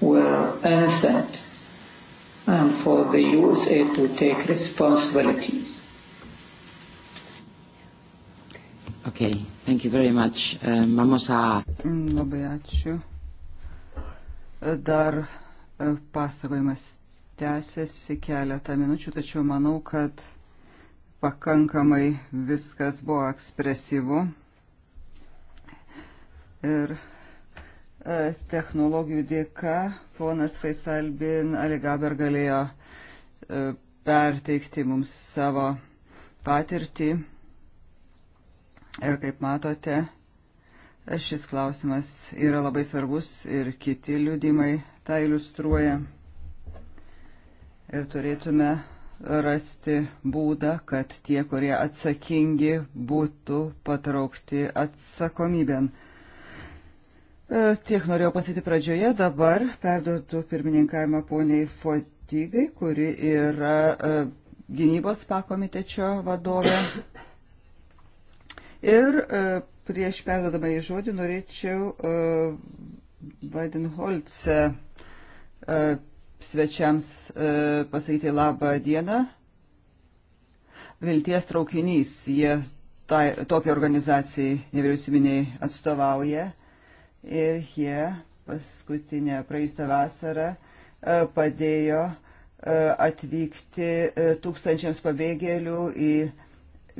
were innocent and for the USA to take responsibilities. Okay, thank you very much. Um, vamos a... Mm, labai ačiū. Dar e, pasakojimas tęsiasi keletą minučių, tačiau manau, kad pakankamai viskas buvo ekspresyvu. Ir technologijų dėka ponas Faisal bin Aligaber galėjo e, perteikti mums savo patirtį. Ir kaip matote, šis klausimas yra labai svarbus ir kiti liūdimai tą iliustruoja. Ir turėtume rasti būdą, kad tie, kurie atsakingi, būtų patraukti atsakomybėn. E, tiek norėjau pasakyti pradžioje, dabar perduotų pirmininkavimą poniai Fotygai, kuri yra e, gynybos pakomitečio vadovė. Ir e, prieš perdodamą į žodį norėčiau Weidenholce svečiams pasakyti labą dieną. Vilties traukinys, jie tai, tokiai organizacijai nevyriausybiniai atstovauja ir jie paskutinę praeistą vasarą e, padėjo e, atvykti e, tūkstančiams pabėgėlių į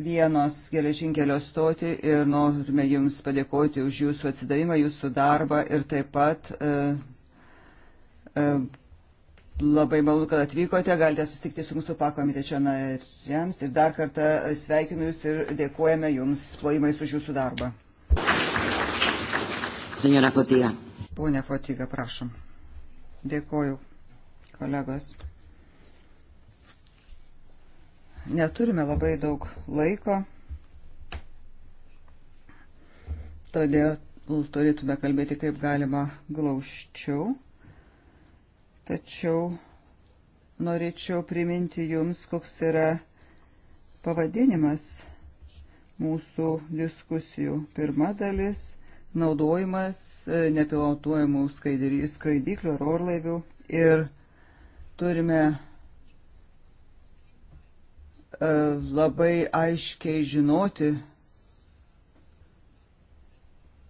vienos geležinkelio stotį ir norime Jums padėkoti už Jūsų atsidavimą, Jūsų darbą ir taip pat e, e, labai malonu, kad atvykote, galite susitikti su mūsų pakomitečio nariams ir dar kartą sveikinu Jūs ir dėkojame Jums plojimais už Jūsų darbą. Senjora Fotyga. Pone Fotyga, prašom. Dėkoju, kolegos. Neturime labai daug laiko, todėl turėtume kalbėti kaip galima glaučiau. Tačiau norėčiau priminti Jums, koks yra pavadinimas mūsų diskusijų. Pirma dalis naudojimas e, nepilotuojamų skraidyklių ar orlaivių ir turime e, labai aiškiai žinoti,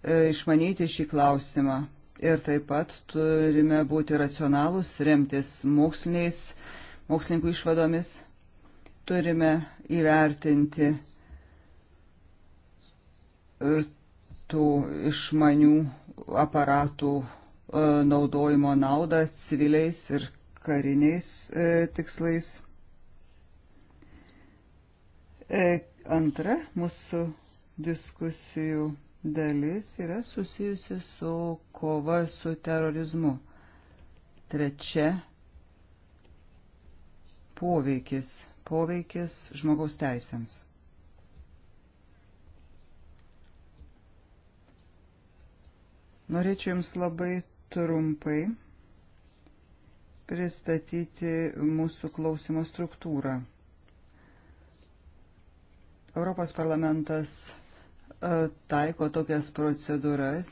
e, išmanyti šį klausimą. Ir taip pat turime būti racionalūs, remtis moksliniais, mokslininkų išvadomis. Turime įvertinti tų išmanių aparatų e, naudojimo naudą civiliais ir kariniais e, tikslais. E, antra mūsų diskusijų dalis yra susijusi su kova su terorizmu. Trečia poveikis, poveikis žmogaus teisėms. Norėčiau Jums labai trumpai pristatyti mūsų klausimo struktūrą. Europos parlamentas e, taiko tokias procedūras,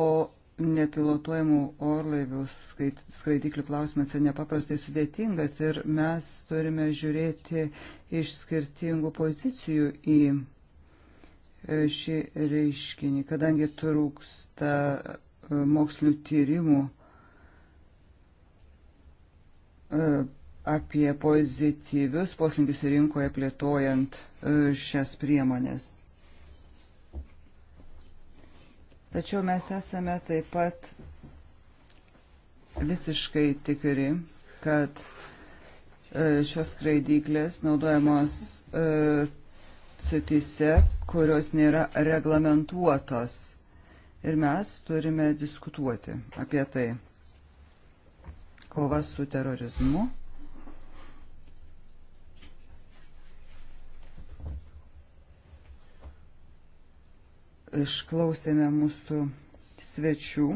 o nepilotuojamų orlaivių skraidiklių klausimas yra nepaprastai sudėtingas ir mes turime žiūrėti iš skirtingų pozicijų į E, šį reiškinį, kadangi trūksta e, mokslinių tyrimų e, apie pozityvius poslinkius rinkoje plėtojant šias priemonės. Tačiau mes esame taip pat visiškai tikri, kad šios skraidyklės naudojamos sutise, kurios nėra reglamentuotos. Ir mes turime diskutuoti apie tai. Kova su terorizmu. Išklausėme mūsų svečių.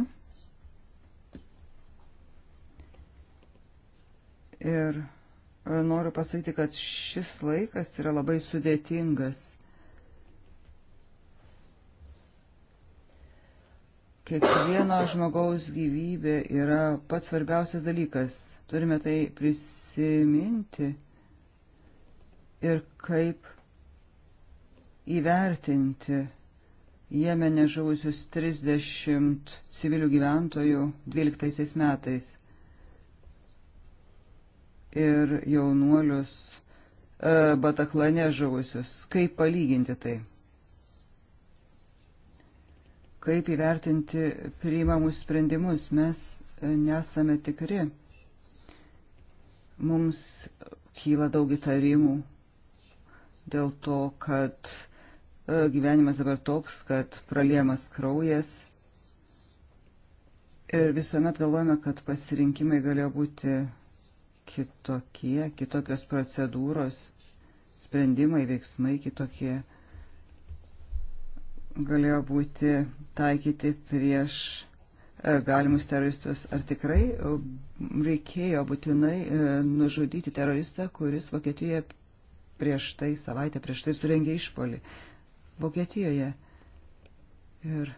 Ir noriu pasakyti, kad šis laikas yra labai sudėtingas. Kiekvieno žmogaus gyvybė yra pats svarbiausias dalykas. Turime tai prisiminti ir kaip įvertinti Jemene žuvusius 30 civilių gyventojų 12 metais ir jaunuolius e, Bataklane žuvusius. Kaip palyginti tai? Kaip įvertinti priimamus sprendimus? Mes nesame tikri. Mums kyla daug įtarimų dėl to, kad e, gyvenimas dabar toks, kad praliemas kraujas ir visuomet galvojame, kad pasirinkimai galėjo būti kitokie, kitokios procedūros, sprendimai, veiksmai kitokie galėjo būti taikyti prieš e, galimus teroristus. Ar tikrai e, reikėjo būtinai e, nužudyti teroristą, kuris Vokietijoje prieš tai savaitę, prieš tai surengė išpolį? Vokietijoje. Ir,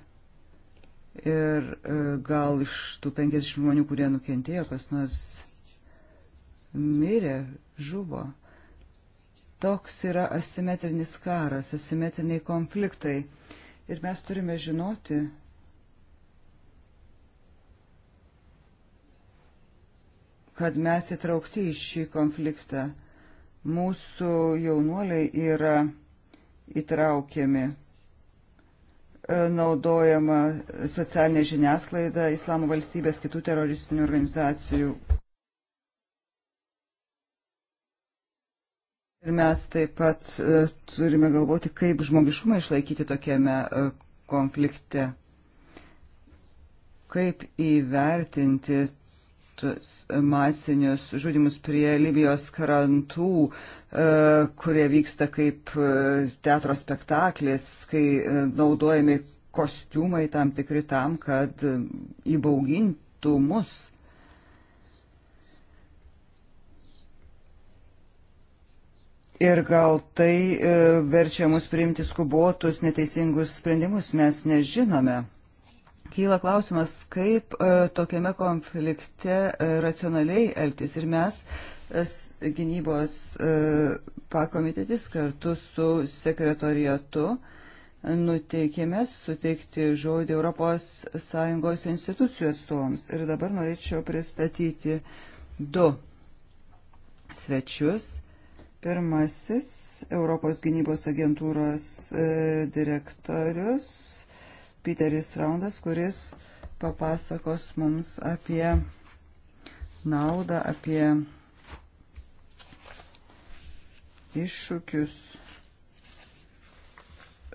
ir gal iš tų 50 žmonių, kurie nukentėjo, kas nors mirė, žuvo. Toks yra asimetrinis karas, asimetriniai konfliktai. Ir mes turime žinoti, kad mes įtraukti į šį konfliktą. Mūsų jaunuoliai yra įtraukiami e, naudojama socialinė žiniasklaida, islamo valstybės, kitų teroristinių organizacijų Ir mes taip pat e, turime galvoti, kaip žmogiškumą išlaikyti tokiame e, konflikte. Kaip įvertinti masinius žudimus prie Libijos krantų, e, kurie vyksta kaip teatro spektaklis, kai naudojami kostiumai tam tikri tam, kad įbaugintų mus. Ir gal tai e, verčia mus priimti skubotus, neteisingus sprendimus, mes nežinome. Kyla klausimas, kaip e, tokiame konflikte e, racionaliai elgtis. Ir mes, gynybos pakomitetis kartu su sekretorijatu, nuteikėme suteikti žodį ES institucijų atstovams. Ir dabar norėčiau pristatyti du svečius. Pirmasis Europos gynybos agentūros e, direktorius Piteris Raundas, kuris papasakos mums apie naudą, apie iššūkius,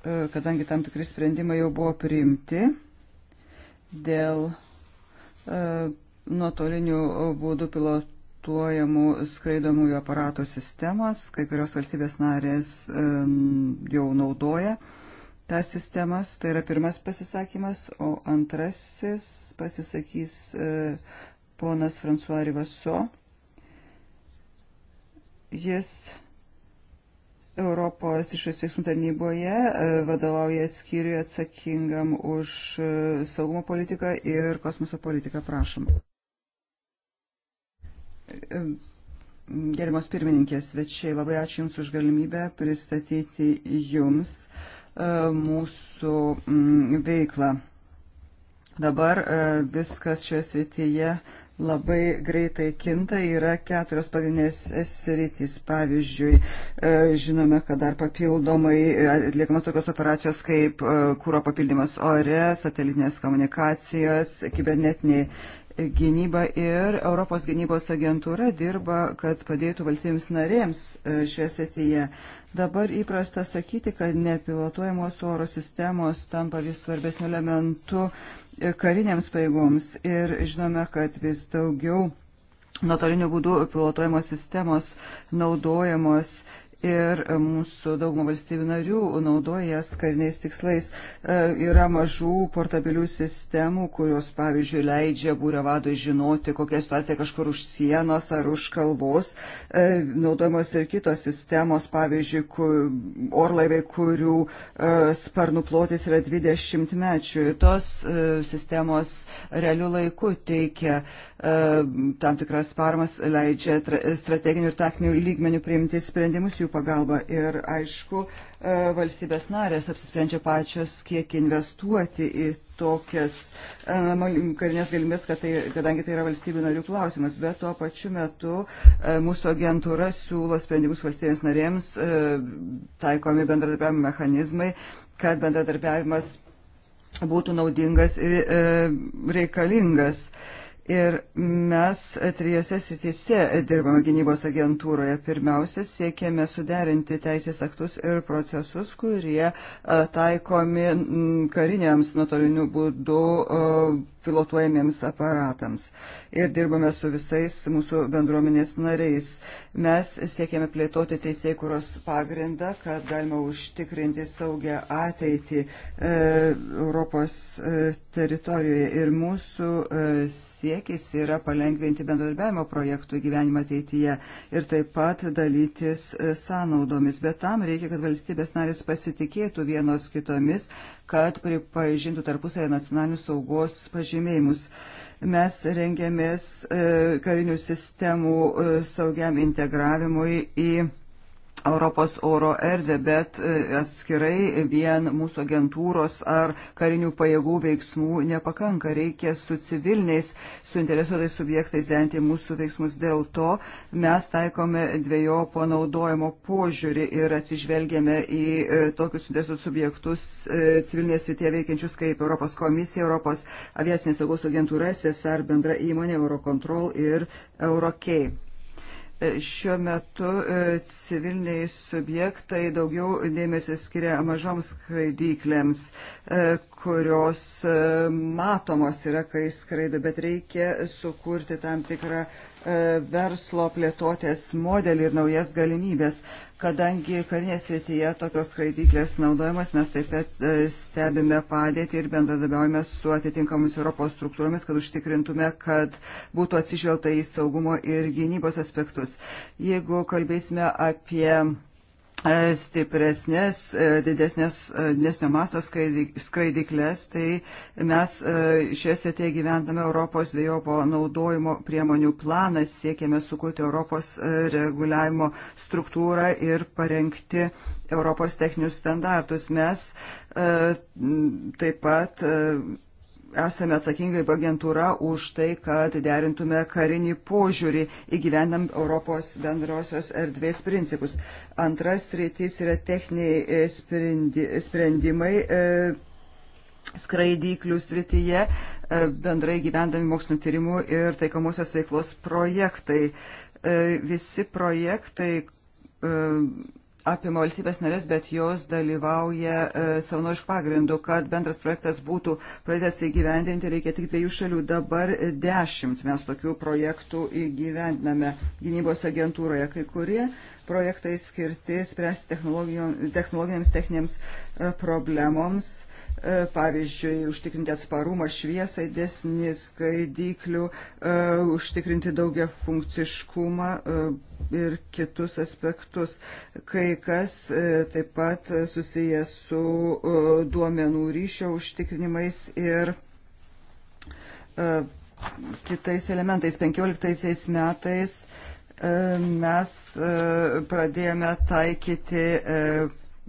e, kadangi tam tikri sprendimai jau buvo priimti dėl e, nuotolinių būdų pilotų pilotuojamų skraidomųjų aparatų sistemas, kai kurios valstybės narės jau naudoja tas sistemas. Tai yra pirmas pasisakymas, o antrasis pasisakys e, ponas François Rivaso. Jis Europos išorės veiksmų tarnyboje e, vadovauja skyriui atsakingam už e, saugumo politiką ir kosmoso politiką. Prašom. Gerimos pirmininkės svečiai, labai ačiū Jums už galimybę pristatyti Jums e, mūsų mm, veiklą. Dabar e, viskas šioje srityje labai greitai kinta, yra keturios pagrindinės sritys. Pavyzdžiui, e, žinome, kad dar papildomai atliekamas tokios operacijos kaip kūro papildymas ore, satelitinės komunikacijos, kibernetiniai gynyba ir Europos gynybos agentūra dirba, kad padėtų valstybėms narėms e, šioje srityje. Dabar įprasta sakyti, kad nepilotuojamos oro sistemos tampa vis svarbesniu elementu e, kariniams paėgoms ir žinome, kad vis daugiau nuotoliniu būdu pilotuojamos sistemos naudojamos ir mūsų daugumą valstybių narių naudoja jas kariniais tikslais. E, yra mažų portabilių sistemų, kurios, pavyzdžiui, leidžia būrio vadui žinoti, kokia situacija kažkur už sienos ar už kalbos. E, naudojamos ir kitos sistemos, pavyzdžiui, orlaiviai, kurių e, sparnų plotis yra 20 mečių. Ir tos sistemos realių laikų teikia E, tam tikras paramas, leidžia strateginių ir taktinių lygmenių priimti sprendimus jų pagalba. Ir aišku, e, valstybės narės apsisprendžia pačios, kiek investuoti į tokias e, karinės galimybės, kad tai, kadangi tai yra valstybių narių klausimas. Bet tuo pačiu metu mūsų agentūra siūlo sprendimus valstybės narėms, taikomi bendradarbiavimo mechanizmai, kad bendradarbiavimas būtų naudingas ir reikalingas. E, Ir mes trijose srityse dirbame gynybos agentūroje. Pirmiausia, siekėme suderinti teisės aktus ir procesus, kurie e, taikomi kariniams nuotoliniu būdu e, pilotuojamiems aparatams ir dirbame su visais mūsų bendruomenės nariais. Mes siekiame plėtoti teisėkuros pagrindą, kad galima užtikrinti saugę ateitį e, Europos e, teritorijoje. Ir mūsų e, siekis yra palengventi bendradarbiavimo projektų gyvenimą ateityje ir taip pat dalytis e, sąnaudomis. Bet tam reikia, kad valstybės narės pasitikėtų vienos kitomis, kad pripažintų tarpusavę nacionalinius saugos pažymėjimus. E, Mes rengiamės e, karinių sistemų e, saugiam integravimui į Europos oro erdvę, bet e, atskirai vien mūsų agentūros ar karinių pajėgų veiksmų nepakanka. Reikia su civiliniais, suinteresuotais subjektais denti mūsų veiksmus. Dėl to mes taikome dviejopo naudojimo požiūrį ir atsižvelgiame į e, tokius suinteresuotus subjektus e, civilinės srityje veikiančius kaip Europos komisija, Europos aviacinės saugos agentūra, SSR bendra įmonė, Eurocontrol ir Eurokei. Šiuo metu e, civiliniai subjektai daugiau dėmesio skiria mažoms skraidyklėms, e, kurios e, matomos yra, kai skraido, bet reikia sukurti tam tikrą e, verslo plėtotės modelį ir naujas galimybės. Kadangi karinės rytyje tokios skraidyklės naudojamas, mes taip pat e, stebime padėtį ir bendradabiaujame su atitinkamomis Europos struktūromis, kad užtikrintume, kad būtų atsižvelgta į saugumo ir gynybos aspektus. Jeigu kalbėsime apie E, stipresnės, e, didesnės, e, didesnio masto skraidiklės, tai mes šioje srityje gyventame Europos dviejopo naudojimo priemonių planą, siekėme sukurti Europos reguliavimo struktūrą ir parengti Europos techninius standartus. Mes taip pat esame atsakingai agentūra už tai, kad derintume karinį požiūrį įgyvendam Europos bendrosios erdvės principus. Antras rytis yra techniniai sprendi, sprendimai e, skraidyklių srityje e, bendrai gyvendami mokslinio tyrimų ir taikomosios veiklos projektai. E, visi projektai e, apima valstybės narės, bet jos dalyvauja e, savano iš pagrindų, kad bendras projektas būtų pradėtas įgyvendinti, reikia tik dviejų šalių. Dabar dešimt mes tokių projektų įgyvendiname gynybos agentūroje, kai kurie projektai skirti spręsti technologijams, techninėms e, problemoms E, pavyzdžiui, užtikrinti atsparumą šviesai desnį skaidiklių, e, užtikrinti daugia funkciškumą e, ir kitus aspektus. Kai kas taip pat susijęs su duomenų ryšio užtikrinimais ir kitais elementais. 15 metais mes pradėjome taikyti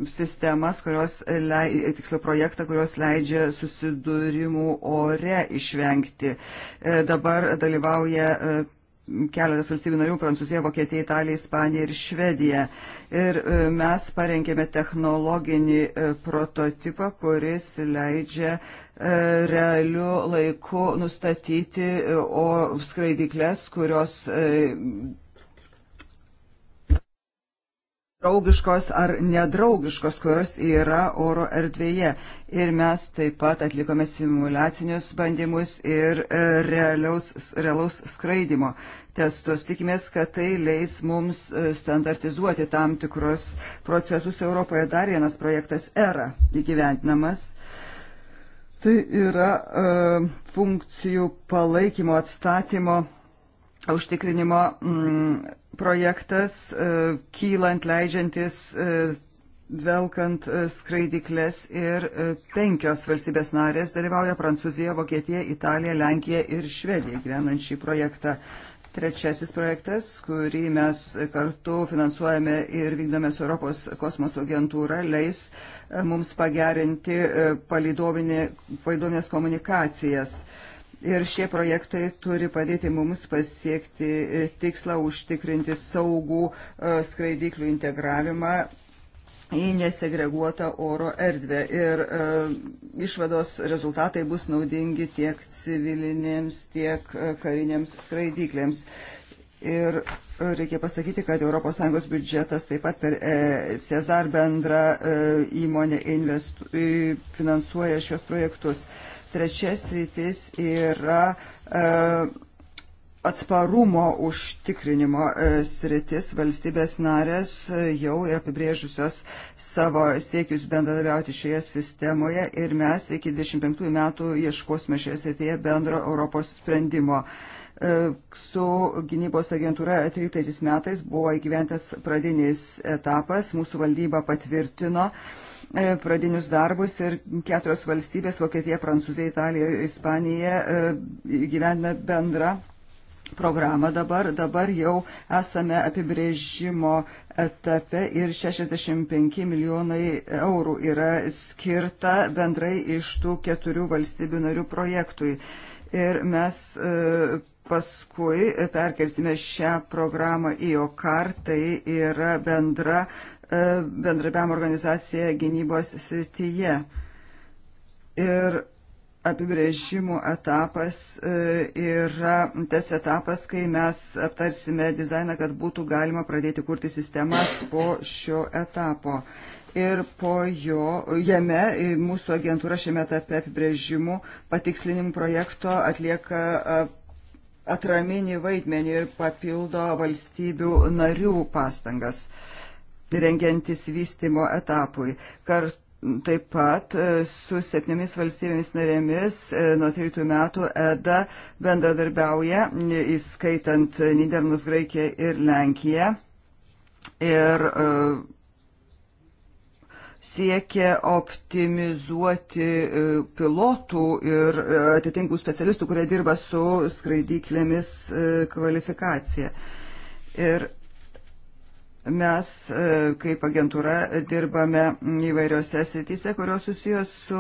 sistemas, kurios, lei, tiksliau projektą, kurios leidžia susidūrimų ore išvengti. E, dabar dalyvauja e, keletas valstybių narių - Prancūzija, Vokietija, Italija, Ispanija ir Švedija. Ir e, mes parengėme technologinį prototipą, kuris leidžia realiu laiku nustatyti o skraidiklės, kurios draugiškos ar nedraugiškos, kurios yra oro erdvėje. Ir mes taip pat atlikome simulacinius bandymus ir e, realiaus, realaus skraidimo testus. Tikimės, kad tai leis mums e, standartizuoti tam tikrus procesus Europoje. Dar vienas projektas ERA įgyventinamas. Tai yra e, funkcijų palaikymo atstatymo užtikrinimo mm, projektas e, kylant, leidžiantis, e, velkant e, skraidiklės ir penkios valstybės narės dalyvauja Prancūzija, Vokietija, Italija, Lenkija ir Švedija gyvenant šį projektą. Trečiasis projektas, kurį mes kartu finansuojame ir vykdome su Europos kosmoso agentūra, leis mums pagerinti palidovinės komunikacijas Ir šie projektai turi padėti mums pasiekti e, tikslą užtikrinti saugų e, skraidiklių integravimą į nesegreguotą oro erdvę. Ir e, išvados rezultatai bus naudingi tiek civilinėms, tiek e, karinėms skraidyklėms. Ir reikia pasakyti, kad ES biudžetas taip pat per Cezar bendrą įmonę investu, finansuoja šios projektus. Trečias rytis yra e, atsparumo užtikrinimo e, sritis valstybės narės jau ir apibrėžusios savo siekius bendradarbiauti šioje sistemoje ir mes iki 25 metų ieškosime šioje srityje bendro Europos sprendimo. E, su gynybos agentūra 13 metais buvo įgyventas pradinis etapas, mūsų valdyba patvirtino uh, E, pradinius darbus ir keturios valstybės - Vokietija, Prancūzija, Italija ir Ispanija - e, gyvena bendrą programą dabar. Dabar jau esame apibrėžimo etape ir 65 milijonai eurų yra skirta bendrai iš tų keturių valstybių narių projektui. Ir mes e, paskui perkelsime šią programą į OKAR, tai yra bendra E, bendrabiam organizacija gynybos srityje. Ir apibrėžimų etapas e, yra tas etapas, kai mes aptarsime dizainą, kad būtų galima pradėti kurti sistemas po šio etapo. Ir po jo, jame e, mūsų agentūra šiame etape apibrėžimų patikslinimų projekto atlieka atraminį vaidmenį ir papildo valstybių narių pastangas. Uh, rengiantis vystimo etapui. Kartu Taip pat e, su septynėmis valstybėmis narėmis e, nuo 13 metų EDA bendradarbiauja, e, įskaitant Niderlandus, Graikiją ir Lenkiją. Ir siekia optimizuoti pilotų ir atitinkų specialistų, kurie dirba su skraidyklėmis kvalifikacija. Ir Mes e, kaip agentūra dirbame įvairiose srityse, kurios susijęs su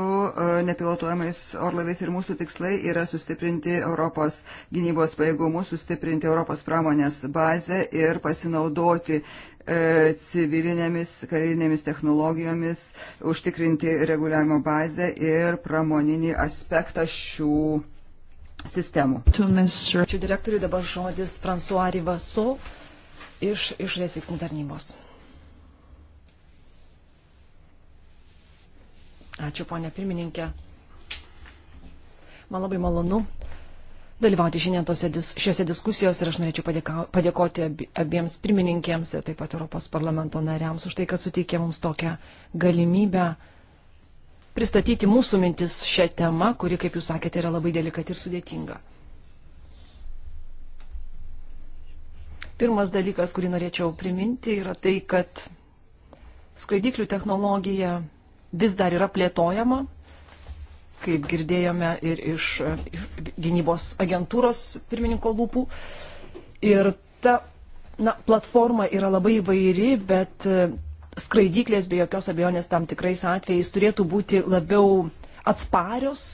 e, nepilotuojamais orlaiviais ir mūsų tikslai yra sustiprinti Europos gynybos pajėgumus, sustiprinti Europos pramonės bazę ir pasinaudoti e, civilinėmis karinėmis technologijomis, užtikrinti reguliavimo bazę ir pramoninį aspektą šių sistemų. Ačiū direktoriui, dabar žodis François Rivaso, iš išorės veiksmų tarnybos. Ačiū, ponė pirmininkė. Man labai malonu dalyvauti šiandien tose, šiose diskusijos ir aš norėčiau padėka, padėkoti abiems pirmininkėms ir taip pat Europos parlamento nariams už tai, kad suteikė mums tokią galimybę pristatyti mūsų mintis šią temą, kuri, kaip jūs sakėte, yra labai delikati ir sudėtinga. Pirmas dalykas, kurį norėčiau priminti, yra tai, kad skraidiklių technologija vis dar yra plėtojama, kaip girdėjome ir iš, iš gynybos agentūros pirmininko lūpų. Ir ta na, platforma yra labai įvairi, bet e, skraidyklės be jokios abejonės tam tikrais atvejais turėtų būti labiau atsparios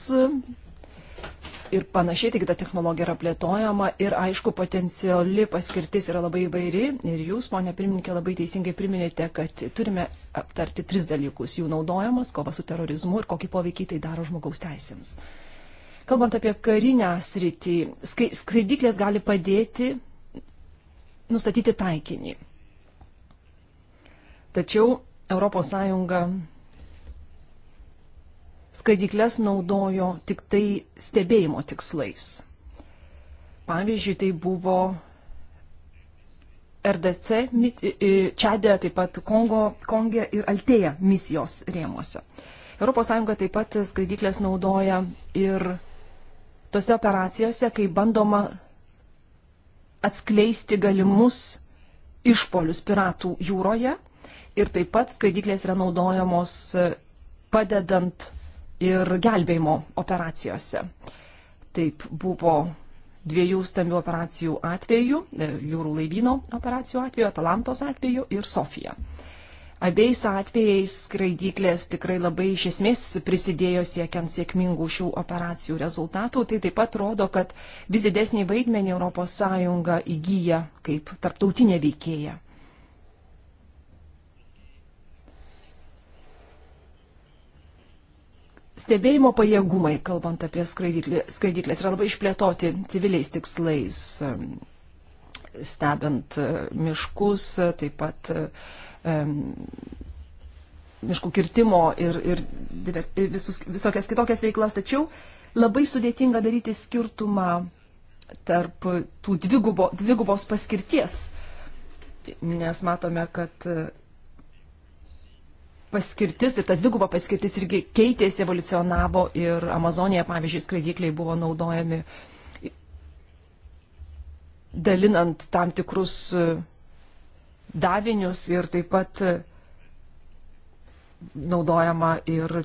ir panašiai, taigi ta technologija yra plėtojama ir aišku, potenciali paskirtis yra labai įvairi ir jūs, ponė pirmininkė, labai teisingai priminėte, kad turime aptarti tris dalykus - jų naudojimas, kova su terorizmu ir kokį poveikį tai daro žmogaus teisėms. Kalbant apie karinę sritį, skraidyklės gali padėti nustatyti taikinį. Tačiau ES skraidyklės naudojo tik tai stebėjimo tikslais. Pavyzdžiui, tai buvo RDC, Čadė, taip pat Kongo, Kongė ir Altėja misijos rėmuose. ES taip pat skraidyklės naudoja ir tose operacijose, kai bandoma atskleisti galimus išpolius piratų jūroje ir taip pat skraidyklės yra naudojamos padedant ir gelbėjimo operacijose. Taip buvo dviejų stambių operacijų atveju, e, jūrų laivyno operacijų atveju, Atalantos atveju ir Sofija. Abiais atvejais skraidyklės tikrai labai iš esmės prisidėjo siekiant sėkmingų šių operacijų rezultatų. Tai taip pat rodo, kad vis didesnį vaidmenį ES įgyja kaip tarptautinė veikėja. stebėjimo pajėgumai, kalbant apie skraidyklės, yra labai išplėtoti civiliais tikslais, um, stebint uh, miškus, uh, taip pat um, miškų kirtimo ir, ir visus, visokias kitokias veiklas, tačiau labai sudėtinga daryti skirtumą tarp tų dvigubo, dvigubos paskirties, nes matome, kad paskirtis ir ta dviguba paskirtis irgi keitėsi, evoliucionavo ir Amazonėje, pavyzdžiui, skraidikliai buvo naudojami dalinant tam tikrus e, davinius ir taip pat e, naudojama ir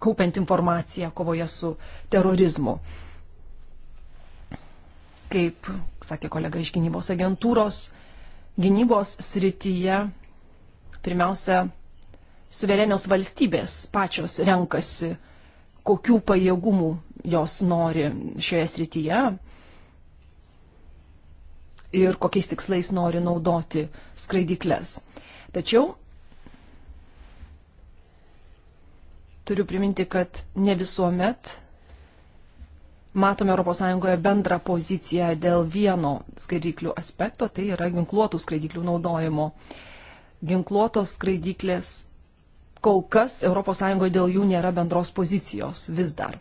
kaupiant informaciją kovoje su terorizmu. Kaip sakė kolega iš gynybos agentūros, gynybos srityje pirmiausia suverenios valstybės pačios renkasi, kokių pajėgumų jos nori šioje srityje ir kokiais tikslais nori naudoti skraidyklės. Tačiau turiu priminti, kad ne visuomet matome ES bendrą poziciją dėl vieno skraidyklių aspekto, tai yra ginkluotų skraidyklių naudojimo. Ginkluotos skraidyklės kol kas ES dėl jų nėra bendros pozicijos vis dar.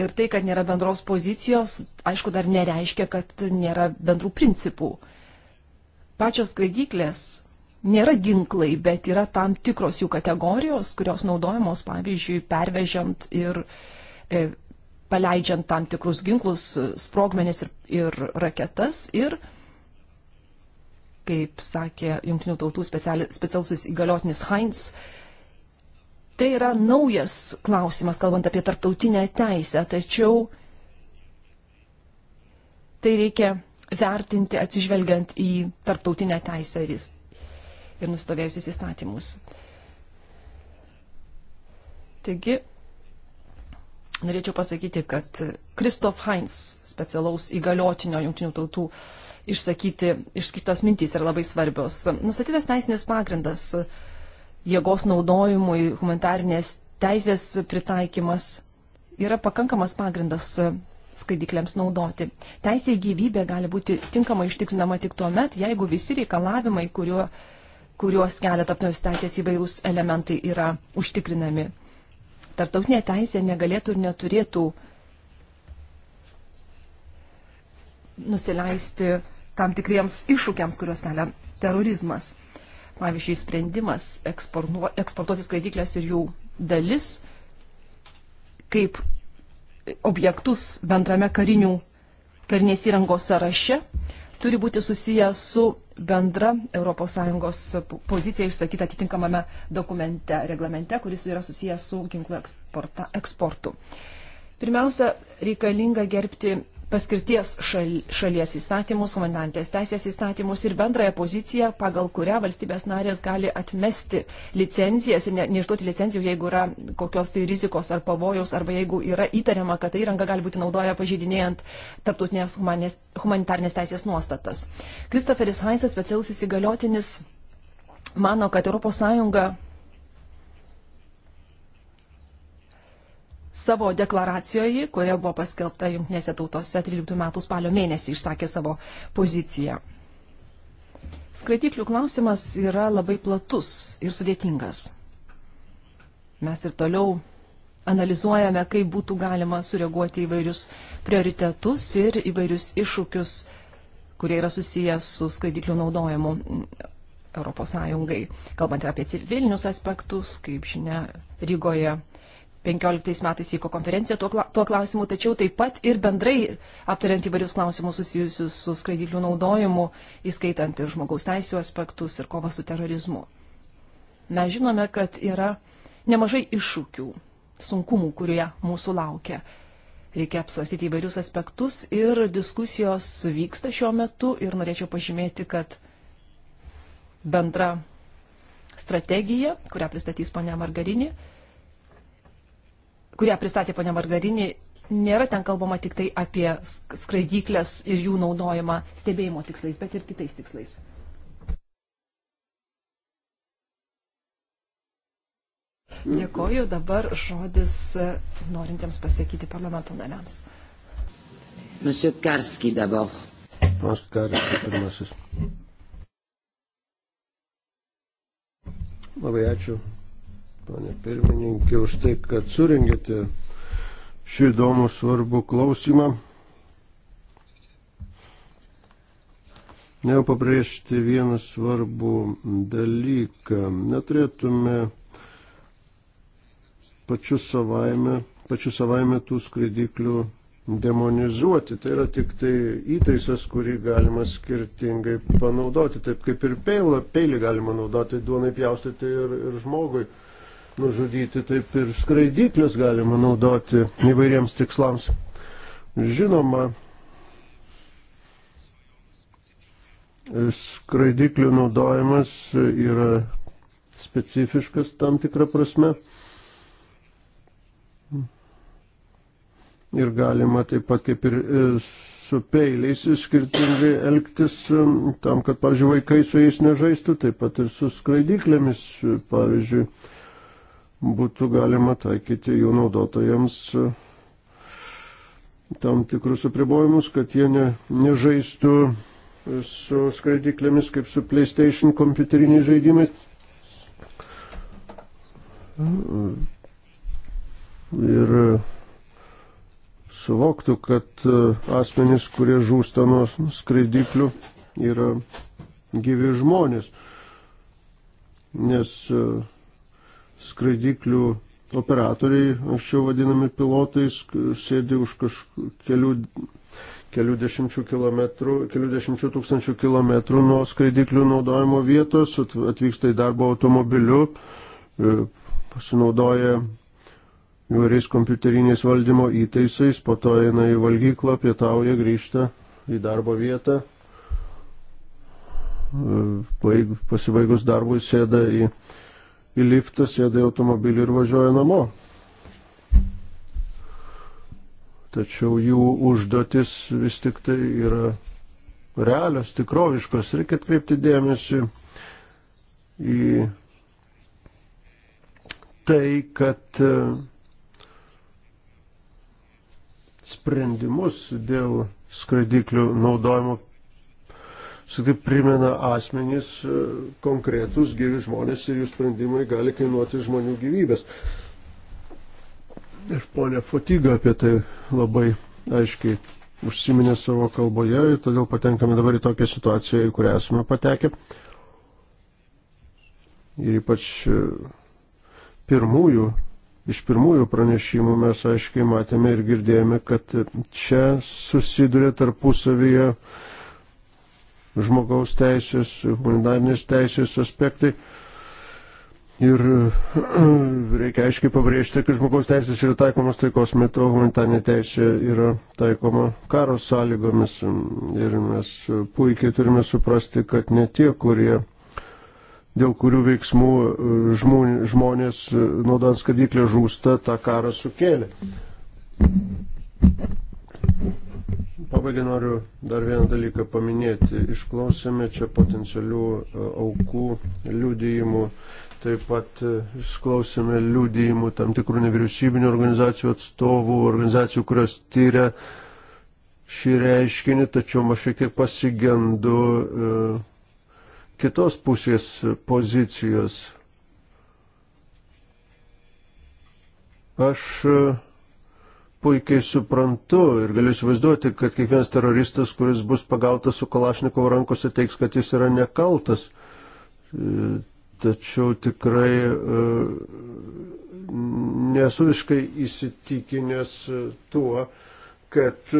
Ir tai, kad nėra bendros pozicijos, aišku, dar nereiškia, kad nėra bendrų principų. Pačios skraidyklės nėra ginklai, bet yra tam tikros jų kategorijos, kurios naudojamos, pavyzdžiui, pervežiant ir e, paleidžiant tam tikrus ginklus, sprogmenis ir, ir raketas. Ir kaip sakė Junktinių tautų specialusis įgaliotinis Heinz, tai yra naujas klausimas, kalbant apie tarptautinę teisę, tačiau tai reikia vertinti atsižvelgiant į tarptautinę teisę ir, ir nustovėjusius įstatymus. Taigi, norėčiau pasakyti, kad Kristof Heinz, specialaus įgaliotinio jungtinių tautų uh, išsakyti, išsakytos mintys yra labai svarbios. Nusatytas teisinis pagrindas jėgos naudojimui, humanitarnės teisės pritaikymas yra pakankamas pagrindas skaidikliams naudoti. Teisė į gyvybę gali būti tinkamai ištikrinama tik tuo met, jeigu visi reikalavimai, kuriuo, kuriuos kelia tapnios teisės įvairūs elementai, yra užtikrinami. Tartautinė teisė negalėtų ir neturėtų uh, nusileisti tam tikriems iššūkiams, kuriuos kelia terorizmas. Pavyzdžiui, sprendimas eksportuo, eksportuoti skraidyklės ir jų dalis kaip objektus bendrame karinių, karinės įrangos sąraše turi būti susijęs su bendra ES pozicija išsakyta atitinkamame dokumente, reglamente, kuris yra susijęs su ginklų eksporta, eksportu. Pirmiausia, reikalinga gerbti paskirties šal, šalies įstatymus, komendantės teisės įstatymus ir bendrąją poziciją, pagal kurią valstybės narės gali atmesti licencijas ir ne, neišduoti licencijų, jeigu yra kokios tai rizikos ar pavojus, arba jeigu yra įtariama, kad ta įranga gali būti naudoja pažydinėjant tarptautinės humanitarnės teisės nuostatas. Kristoferis Haisas, specialusis įgaliotinis, mano, kad ES savo deklaracijoje, kuria buvo paskelbta Junktinėse tautose 13 metų spalio mėnesį, išsakė savo poziciją. Skraidiklių klausimas yra labai platus ir sudėtingas. Mes ir toliau analizuojame, kaip būtų galima sureaguoti įvairius prioritetus ir įvairius iššūkius, kurie yra susijęs su skraidiklių naudojimu ES. Kalbant apie civilinius aspektus, kaip žinia, Rygoje 15 metais vyko konferencija tuo, tuo klausimu, tačiau taip pat ir bendrai aptariant įvairius klausimus susijusius su skraidiklių naudojimu, įskaitant ir žmogaus teisų aspektus ir kovą su terorizmu. Mes žinome, kad yra nemažai iššūkių, sunkumų, kurie mūsų laukia. Reikia apsvastyti įvairius aspektus ir diskusijos vyksta šiuo metu ir norėčiau pažymėti, kad bendra strategija, kurią pristatys ponia Margarinė, kurią pristatė ponia Margarinė, nėra ten kalbama tik tai apie skraidyklės ir jų naudojimą stebėjimo tikslais, bet ir kitais tikslais. Dėkoju dabar žodis e, norintiems pasakyti parlamento nariams. Monsieur Karski dabar. Ponas Karski pirmasis. Labai ačiū ponė pirmininkė, už tai, kad suringėte šį įdomų svarbų klausimą. Neu pabrėžti vieną svarbų dalyką. Neturėtume pačių savaime, pačių savaime tų skraidiklių demonizuoti. Tai yra tik tai įtaisas, kurį galima skirtingai panaudoti. Taip kaip ir peilą, peilį galima naudoti duonai pjaustyti ir, ir žmogui. Uh, nužudyti, taip ir skraidiklius galima naudoti įvairiems tikslams. Žinoma, skraidiklių naudojimas yra specifiškas tam tikrą prasme. Ir galima taip pat kaip ir e, su peiliais skirtingai elgtis, e, tam, kad, pavyzdžiui, vaikai su jais nežaistų, taip pat ir su skraidyklėmis, e, pavyzdžiui, būtų galima taikyti jų naudotojams e, tam tikrus apribojimus, kad jie ne, nežaistų e, su skraidiklėmis kaip su PlayStation kompiuteriniais žaidimais. Ir e, suvoktų, kad asmenys, kurie žūsta nuo skraidiklių, yra gyvi žmonės. Nes skraidiklių operatoriai, anksčiau vadinami pilotais, sėdi už kažkelių kelių dešimčių, kelių dešimčių tūkstančių kilometrų nuo skraidiklių naudojimo vietos, atvyksta į darbą automobiliu, e, pasinaudoja įvairiais kompiuteriniais valdymo įtaisais, po to eina į valgyklą, pietauja, grįžta į darbo vietą, e, pasibaigus darbui sėda į į liftą, sėda į automobilį ir važiuoja namo. Tačiau jų užduotis vis tik tai yra realios, tikroviškos. Reikia atkreipti dėmesį į tai, kad e, sprendimus dėl skraidiklių naudojimo tai primena asmenys, e, konkretus gyvi žmonės ir jų sprendimai gali kainuoti žmonių gyvybės. Ir ponė Fotyga apie tai labai aiškiai užsiminė savo kalboje ir todėl patenkame dabar į tokią situaciją, į kurią esame patekę. Ir ypač e, pirmųjų, iš pirmųjų pranešimų mes aiškiai matėme ir girdėjome, kad čia susiduria tarpusavyje uh, žmogaus teisės, humanitarnės teisės aspektai. Ir reikia aiškiai pabrėžti, kad žmogaus teisės yra taikomas taikos metu, humanitarnė teisė yra taikoma karo sąlygomis. Ir mes puikiai turime suprasti, kad ne tie, kurie, dėl kurių veiksmų e, žmonės e, naudant skadiklę žūsta, tą karą sukėlė. Pabaigai noriu dar vieną dalyką paminėti. Išklausėme čia potencialių e, aukų liudijimų, taip pat e, išklausėme liudijimų tam tikrų nevyriausybinio organizacijų atstovų, organizacijų, kurios tyria šį reiškinį, tačiau aš šiek tiek pasigendu e, kitos pusės pozicijos. Aš puikiai suprantu ir galiu įsivaizduoti, kad kiekvienas teroristas, kuris bus pagautas su Kalašnikovo rankose, teiks, kad jis yra nekaltas. E, tačiau tikrai e, nesu visiškai įsitikinęs e, tuo, kad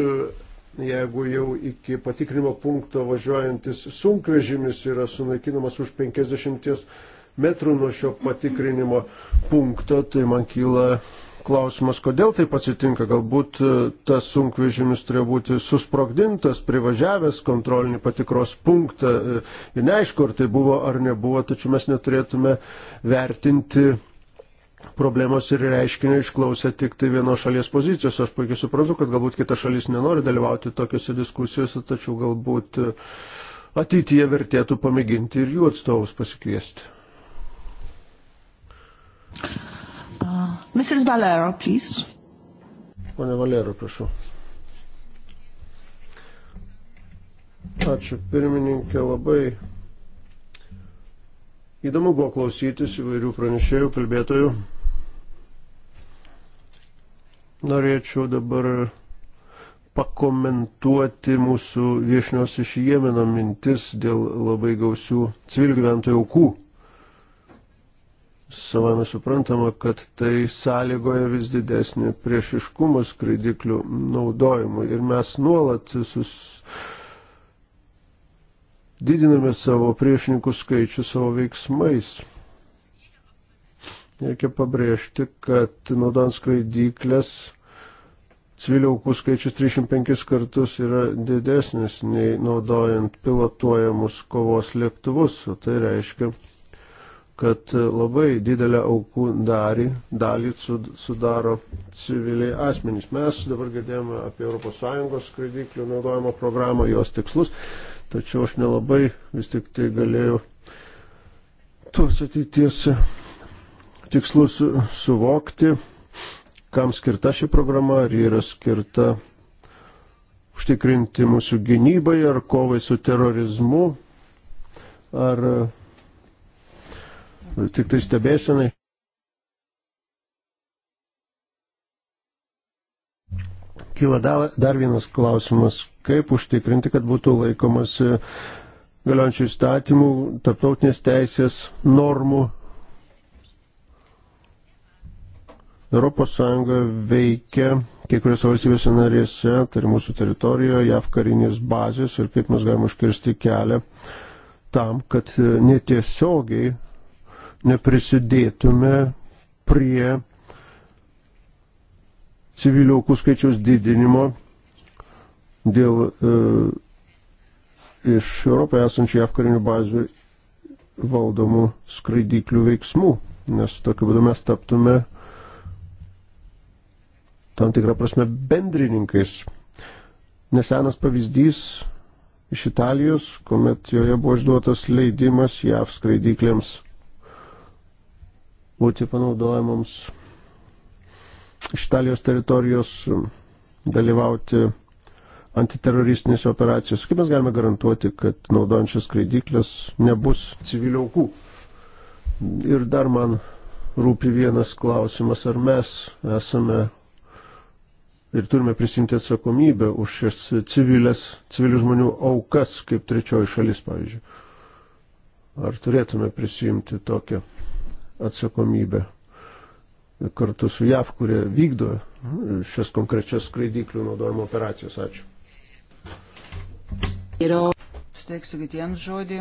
jeigu jau iki patikrinimo punkto važiuojantis sunkvežimis yra sunaikinamas už 50 metrų nuo šio patikrinimo punkto, tai man kyla Klausimas, kodėl taip atsitinka, galbūt e, tas sunkvežimis turėjo būti susprogdintas, privažiavęs kontrolinį patikros punktą e, ir neaišku, ar tai buvo ar nebuvo, tačiau mes neturėtume vertinti problemos ir reiškinio išklausę tik tai vienos šalies pozicijos. Aš puikiai suprantu, kad galbūt kita šalis nenori dalyvauti tokiuose diskusijose, tačiau galbūt e, ateityje vertėtų pamėginti ir jų atstovus pasikviesti. Mrs. Valero, please. Pone Valero, prašau. Ačiū pirmininkė, labai įdomu buvo klausytis įvairių pranešėjų, kalbėtojų. Norėčiau dabar pakomentuoti mūsų viešnios iš Jemeno mintis dėl labai gausių civilių gyventojų aukų. Savame suprantama, kad tai sąlygoja vis didesnį priešiškumą skraidiklių naudojimui ir mes nuolat sus... didiname savo priešininkų skaičių savo veiksmais. Reikia pabrėžti, kad naudojant skraidyklės civilių aukų skaičius 305 kartus yra didesnis nei naudojant pilotuojamus kovos lėktuvus, o tai reiškia, kad labai didelę aukų darį, dalį sudaro civiliai asmenys. Mes dabar girdėjome apie ES skraidiklių naudojimo programą, jos tikslus, tačiau aš nelabai vis tik tai galėjau tuos ateities tikslus suvokti, kam skirta ši programa, ar yra skirta užtikrinti mūsų gynybai ar kovai su terorizmu, ar tik tai stebėsenai. Kyla dar vienas klausimas, kaip užtikrinti, kad būtų laikomas galiojančių įstatymų, tarptautinės teisės normų. ES veikia kiekvienose valstybėse narėse, tai mūsų teritorijoje, JAV karinės bazės ir kaip mes galime užkirsti kelią tam, kad netiesiogiai neprisidėtume prie civilių aukų skaičiaus didinimo dėl e, iš Europoje esančių jav karinių bazių valdomų skraidyklių veiksmų, nes tokiu būdu mes taptume tam tikrą prasme bendrininkais. Nesenas pavyzdys iš Italijos, kuomet joje buvo išduotas leidimas jav skraidyklėms būti panaudojamoms iš Italijos teritorijos dalyvauti antiteroristinėse operacijose. Kaip mes galime garantuoti, kad naudojant šias skraidyklės nebus civilių aukų? Ir dar man rūpi vienas klausimas, ar mes esame ir turime prisimti atsakomybę už šias civilės, civilių žmonių aukas, kaip trečioji šalis, pavyzdžiui. Ar turėtume prisimti tokią atsakomybę kartu su JAV, kurie vykdo šias konkrečias skraidyklių naudojimo operacijas. Ačiū. Steiksiu kitiems žodį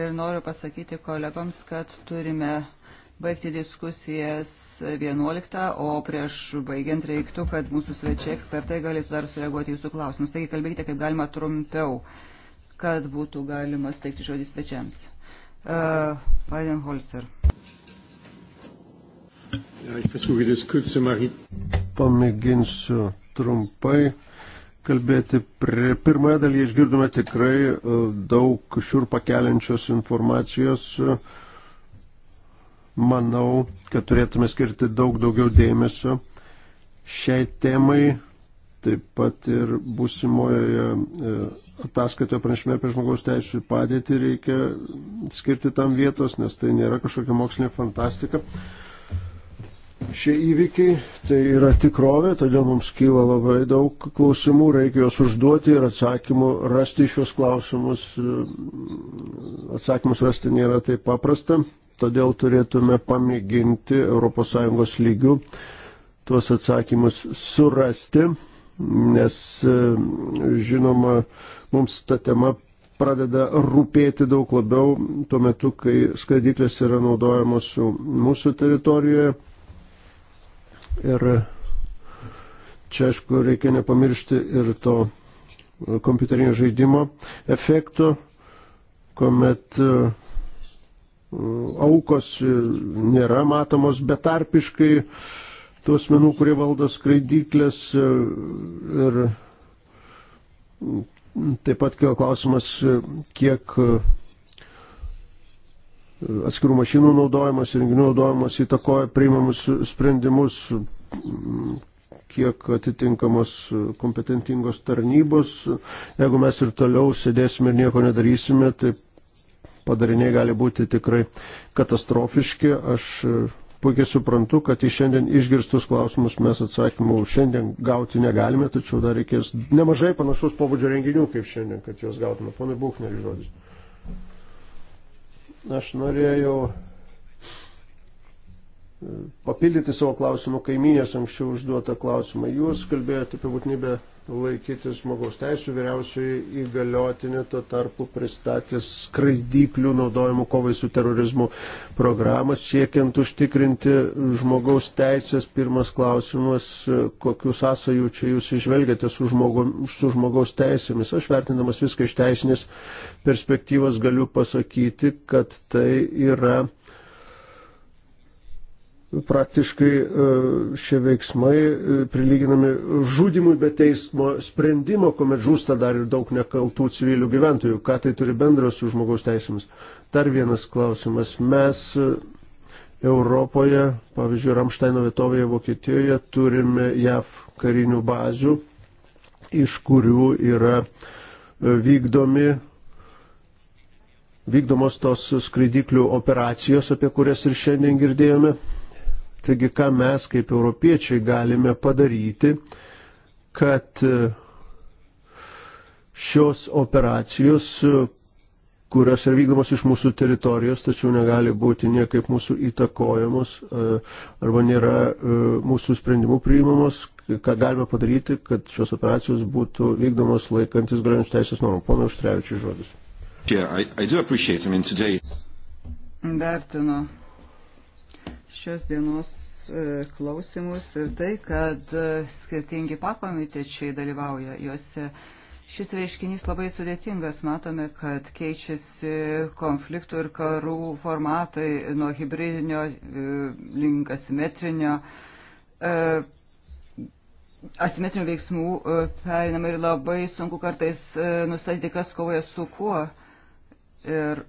ir noriu pasakyti kolegoms, kad turime baigti diskusijas 11, o prieš baigiant reiktų, kad mūsų svečiai ekspertai galėtų dar sureaguoti jūsų klausimus. Taigi kalbėkite kaip galima trumpiau, kad būtų galima steigti žodį svečiams. Uh, Weidenholzer. Pamėginsiu trumpai kalbėti. Prie pirmoje dalyje išgirdome tikrai e, daug šiurpą keliančios informacijos. Manau, kad turėtume skirti daug daugiau dėmesio šiai temai, taip pat ir būsimoje e, ataskaitoje pranešime apie žmogaus teisų padėtį reikia skirti tam vietos, nes tai nėra kažkokia mokslinė fantastika šie įvykiai, tai yra tikrovė, todėl mums kyla labai daug klausimų, reikia juos užduoti ir atsakymų rasti šios klausimus. Atsakymus rasti nėra taip paprasta, todėl turėtume pamėginti ES lygių tuos atsakymus surasti, nes žinoma, mums ta tema pradeda rūpėti daug labiau tuo metu, kai skraidyklės yra naudojamos mūsų teritorijoje Ir čia, aišku, reikia nepamiršti ir to kompiuterinio žaidimo efektų, kuomet e, aukos nėra matomos betarpiškai tų asmenų, kurie valdo skraidyklės e, ir taip pat kilo klausimas, e, kiek atskirų mašinų naudojimas, renginių naudojimas įtakoja priimamus sprendimus, kiek atitinkamos kompetentingos tarnybos. Jeigu mes ir toliau sėdėsime ir nieko nedarysime, tai padariniai gali būti tikrai katastrofiški. Aš puikiai suprantu, kad į šiandien išgirstus klausimus mes atsakymų šiandien gauti negalime, tačiau dar reikės nemažai panašaus pobūdžio renginių kaip šiandien, kad juos gautume. Pone Būkneri, žodis. Aš norėjau e, papildyti savo klausimą kaiminės anksčiau užduotą klausimą. Jūs kalbėjote apie būtinybę laikytis žmogaus teisų vyriausiai įgaliotinė tuo tarpu pristatė skraidyklių naudojimų kovai su terorizmu programą siekiant užtikrinti žmogaus teisės. Pirmas klausimas, kokius sąsajų čia jūs išvelgiate su, žmogu, su žmogaus teisėmis. Aš vertindamas viską iš teisinės perspektyvos galiu pasakyti, kad tai yra praktiškai e, šie veiksmai e, prilyginami žudimui be teismo sprendimo, kuomet žūsta dar ir daug nekaltų civilių gyventojų. Ką tai turi bendro su žmogaus teisėmis? Dar vienas klausimas. Mes e, Europoje, pavyzdžiui, Ramštaino vietovėje Vokietijoje turime JAV karinių bazių, iš kurių yra vykdomi vykdomos tos skraidiklių operacijos, apie kurias ir šiandien girdėjome. Taigi, ką mes kaip europiečiai galime padaryti, kad e, šios operacijos, e, kurios yra vykdomos iš mūsų teritorijos, tačiau negali būti niekaip mūsų įtakojamos e, arba nėra mūsų sprendimų priimamos, ką galime padaryti, kad šios operacijos būtų vykdomos laikantis galiojančių teisės normų. Pono Užtrevičių žodis. Yeah, I, I Vertinu šios dienos e, klausimus ir tai, kad e, skirtingi pakomitečiai dalyvauja juose. Šis reiškinys labai sudėtingas, matome, kad keičiasi konfliktų ir karų formatai nuo hybridinio e, link asimetrinio, asimetrinio veiksmų perinama ir labai sunku kartais nustatyti, kas kovoja su kuo. Ir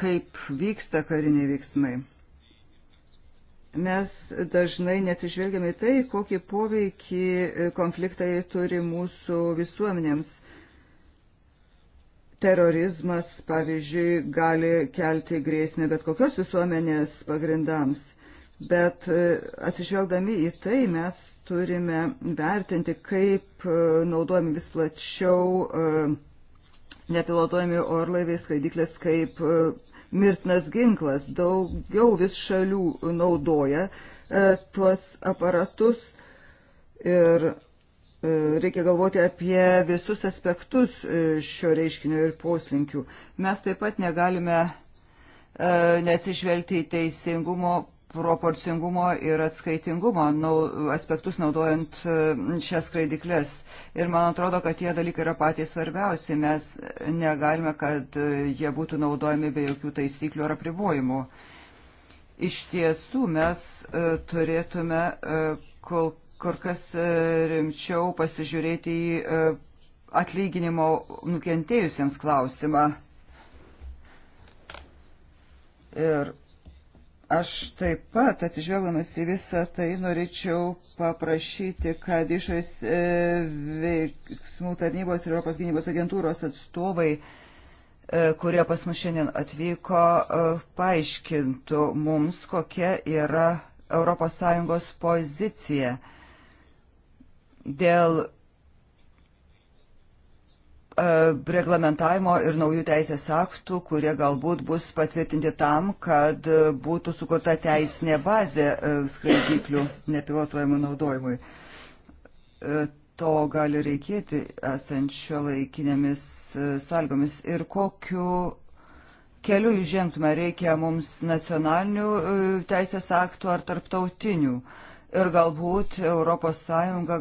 kaip vyksta kariniai veiksmai. Mes dažnai neatsižvelgiame į tai, kokį poveikį e, konfliktai turi mūsų visuomenėms. Terorizmas, pavyzdžiui, gali kelti grėsmę bet kokios visuomenės pagrindams. Bet e, atsižvelgdami į tai mes turime vertinti, kaip e, naudojami vis plačiau uh, nepilotuojami orlaiviai skraidiklės kaip e, mirtinas ginklas. Daugiau vis šalių naudoja e, tuos aparatus ir e, reikia galvoti apie visus aspektus šio reiškinio ir poslinkių. Mes taip pat negalime neatsižvelgti į teisingumo proporcingumo ir atskaitingumo nau, aspektus naudojant e, šias skraidiklės. Ir man atrodo, kad tie dalykai yra patys svarbiausi. Mes negalime, kad e, jie būtų naudojami be jokių taisyklių ar apribojimų. Iš tiesų mes e, turėtume kol kur kas rimčiau pasižiūrėti į atlyginimo nukentėjusiems klausimą. Ir Aš taip pat, atsižvelgdamas į visą tai, norėčiau paprašyti, kad išorės e, veiksmų tarnybos ir Europos gynybos agentūros atstovai, e, kurie pas mus šiandien atvyko, e, paaiškintų mums, kokia yra ES pozicija dėl E, reglamentavimo ir naujų teisės aktų, kurie galbūt bus patvirtinti tam, kad būtų sukurta teisinė bazė e, skraidyklių nepilotuojamų naudojimui. E, to gali reikėti esant šio laikinėmis sąlygomis ir kokiu keliu įžengtume reikia mums nacionalinių teisės aktų ar tarptautinių ir galbūt ES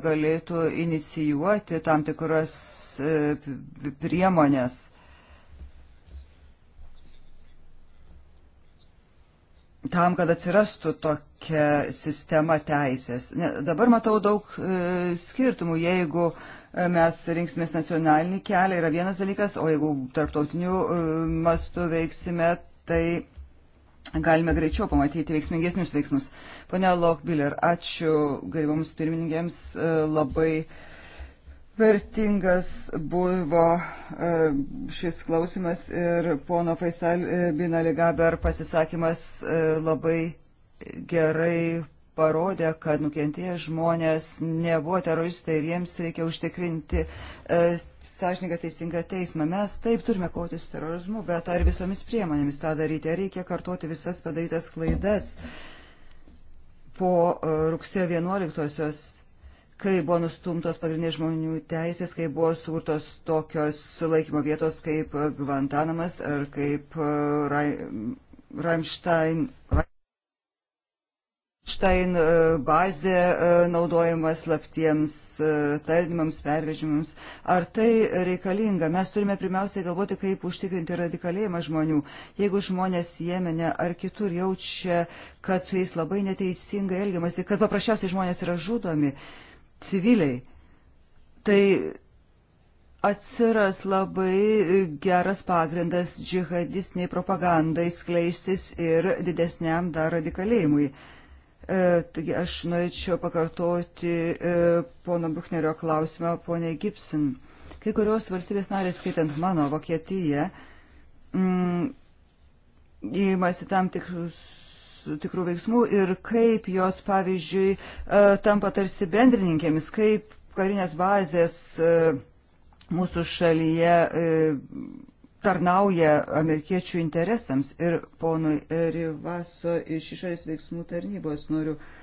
galėtų inicijuoti tam tikras E, priemonės. tam, kad atsirastų tokia sistema teisės. Ne, dabar matau daug e, skirtumų, jeigu e, mes rinksimės nacionalinį kelią yra vienas dalykas, o jeigu tarptautiniu e, mastu veiksime, tai galime greičiau pamatyti veiksmingesnius veiksmus. Pone Lokbiller, ačiū garbams pirmininkėms e, labai. E, Vertingas buvo e, šis klausimas ir pono Faisal e, bin Aligaber pasisakymas e, labai gerai parodė, kad nukentėję žmonės nebuvo teroristai ir jiems reikia užtikrinti sąžininką teisingą teismą. Mes taip turime kovoti su terorizmu, bet ar visomis priemonėmis tą daryti, ar reikia kartoti visas padarytas klaidas po rugsėjo 11-osios kai buvo nustumtos pagrindinės žmonių teisės, kai buvo sukurtos tokios sulaikymo vietos kaip Gvantanamas ar kaip uh, Raimstein. Štain uh, bazė uh, naudojamas slaptiems tardymams, pervežimams. Ar tai reikalinga? Mes turime pirmiausiai galvoti, kaip užtikrinti radikalėjimą žmonių. Jeigu žmonės Jemene ar kitur jaučia, kad su jais labai neteisingai elgiamasi, kad paprasčiausiai žmonės yra žudomi, uh, civiliai. Tai atsiras labai geras pagrindas džihadistiniai propagandai skleistis ir didesniam dar radikalėjimui. E, taigi aš norėčiau pakartoti e, pono Buchnerio klausimą, ponė Gibson. Kai kurios valstybės narės, skaitant mano Vokietiją, mm, įmasi tam tikrus tikrų veiksmų ir kaip jos, pavyzdžiui, e, tampa tarsi bendrininkėmis, kaip karinės bazės e, mūsų šalyje e, tarnauja amerikiečių interesams. Ir ponui Rivaso iš išorės veiksmų tarnybos noriu uh,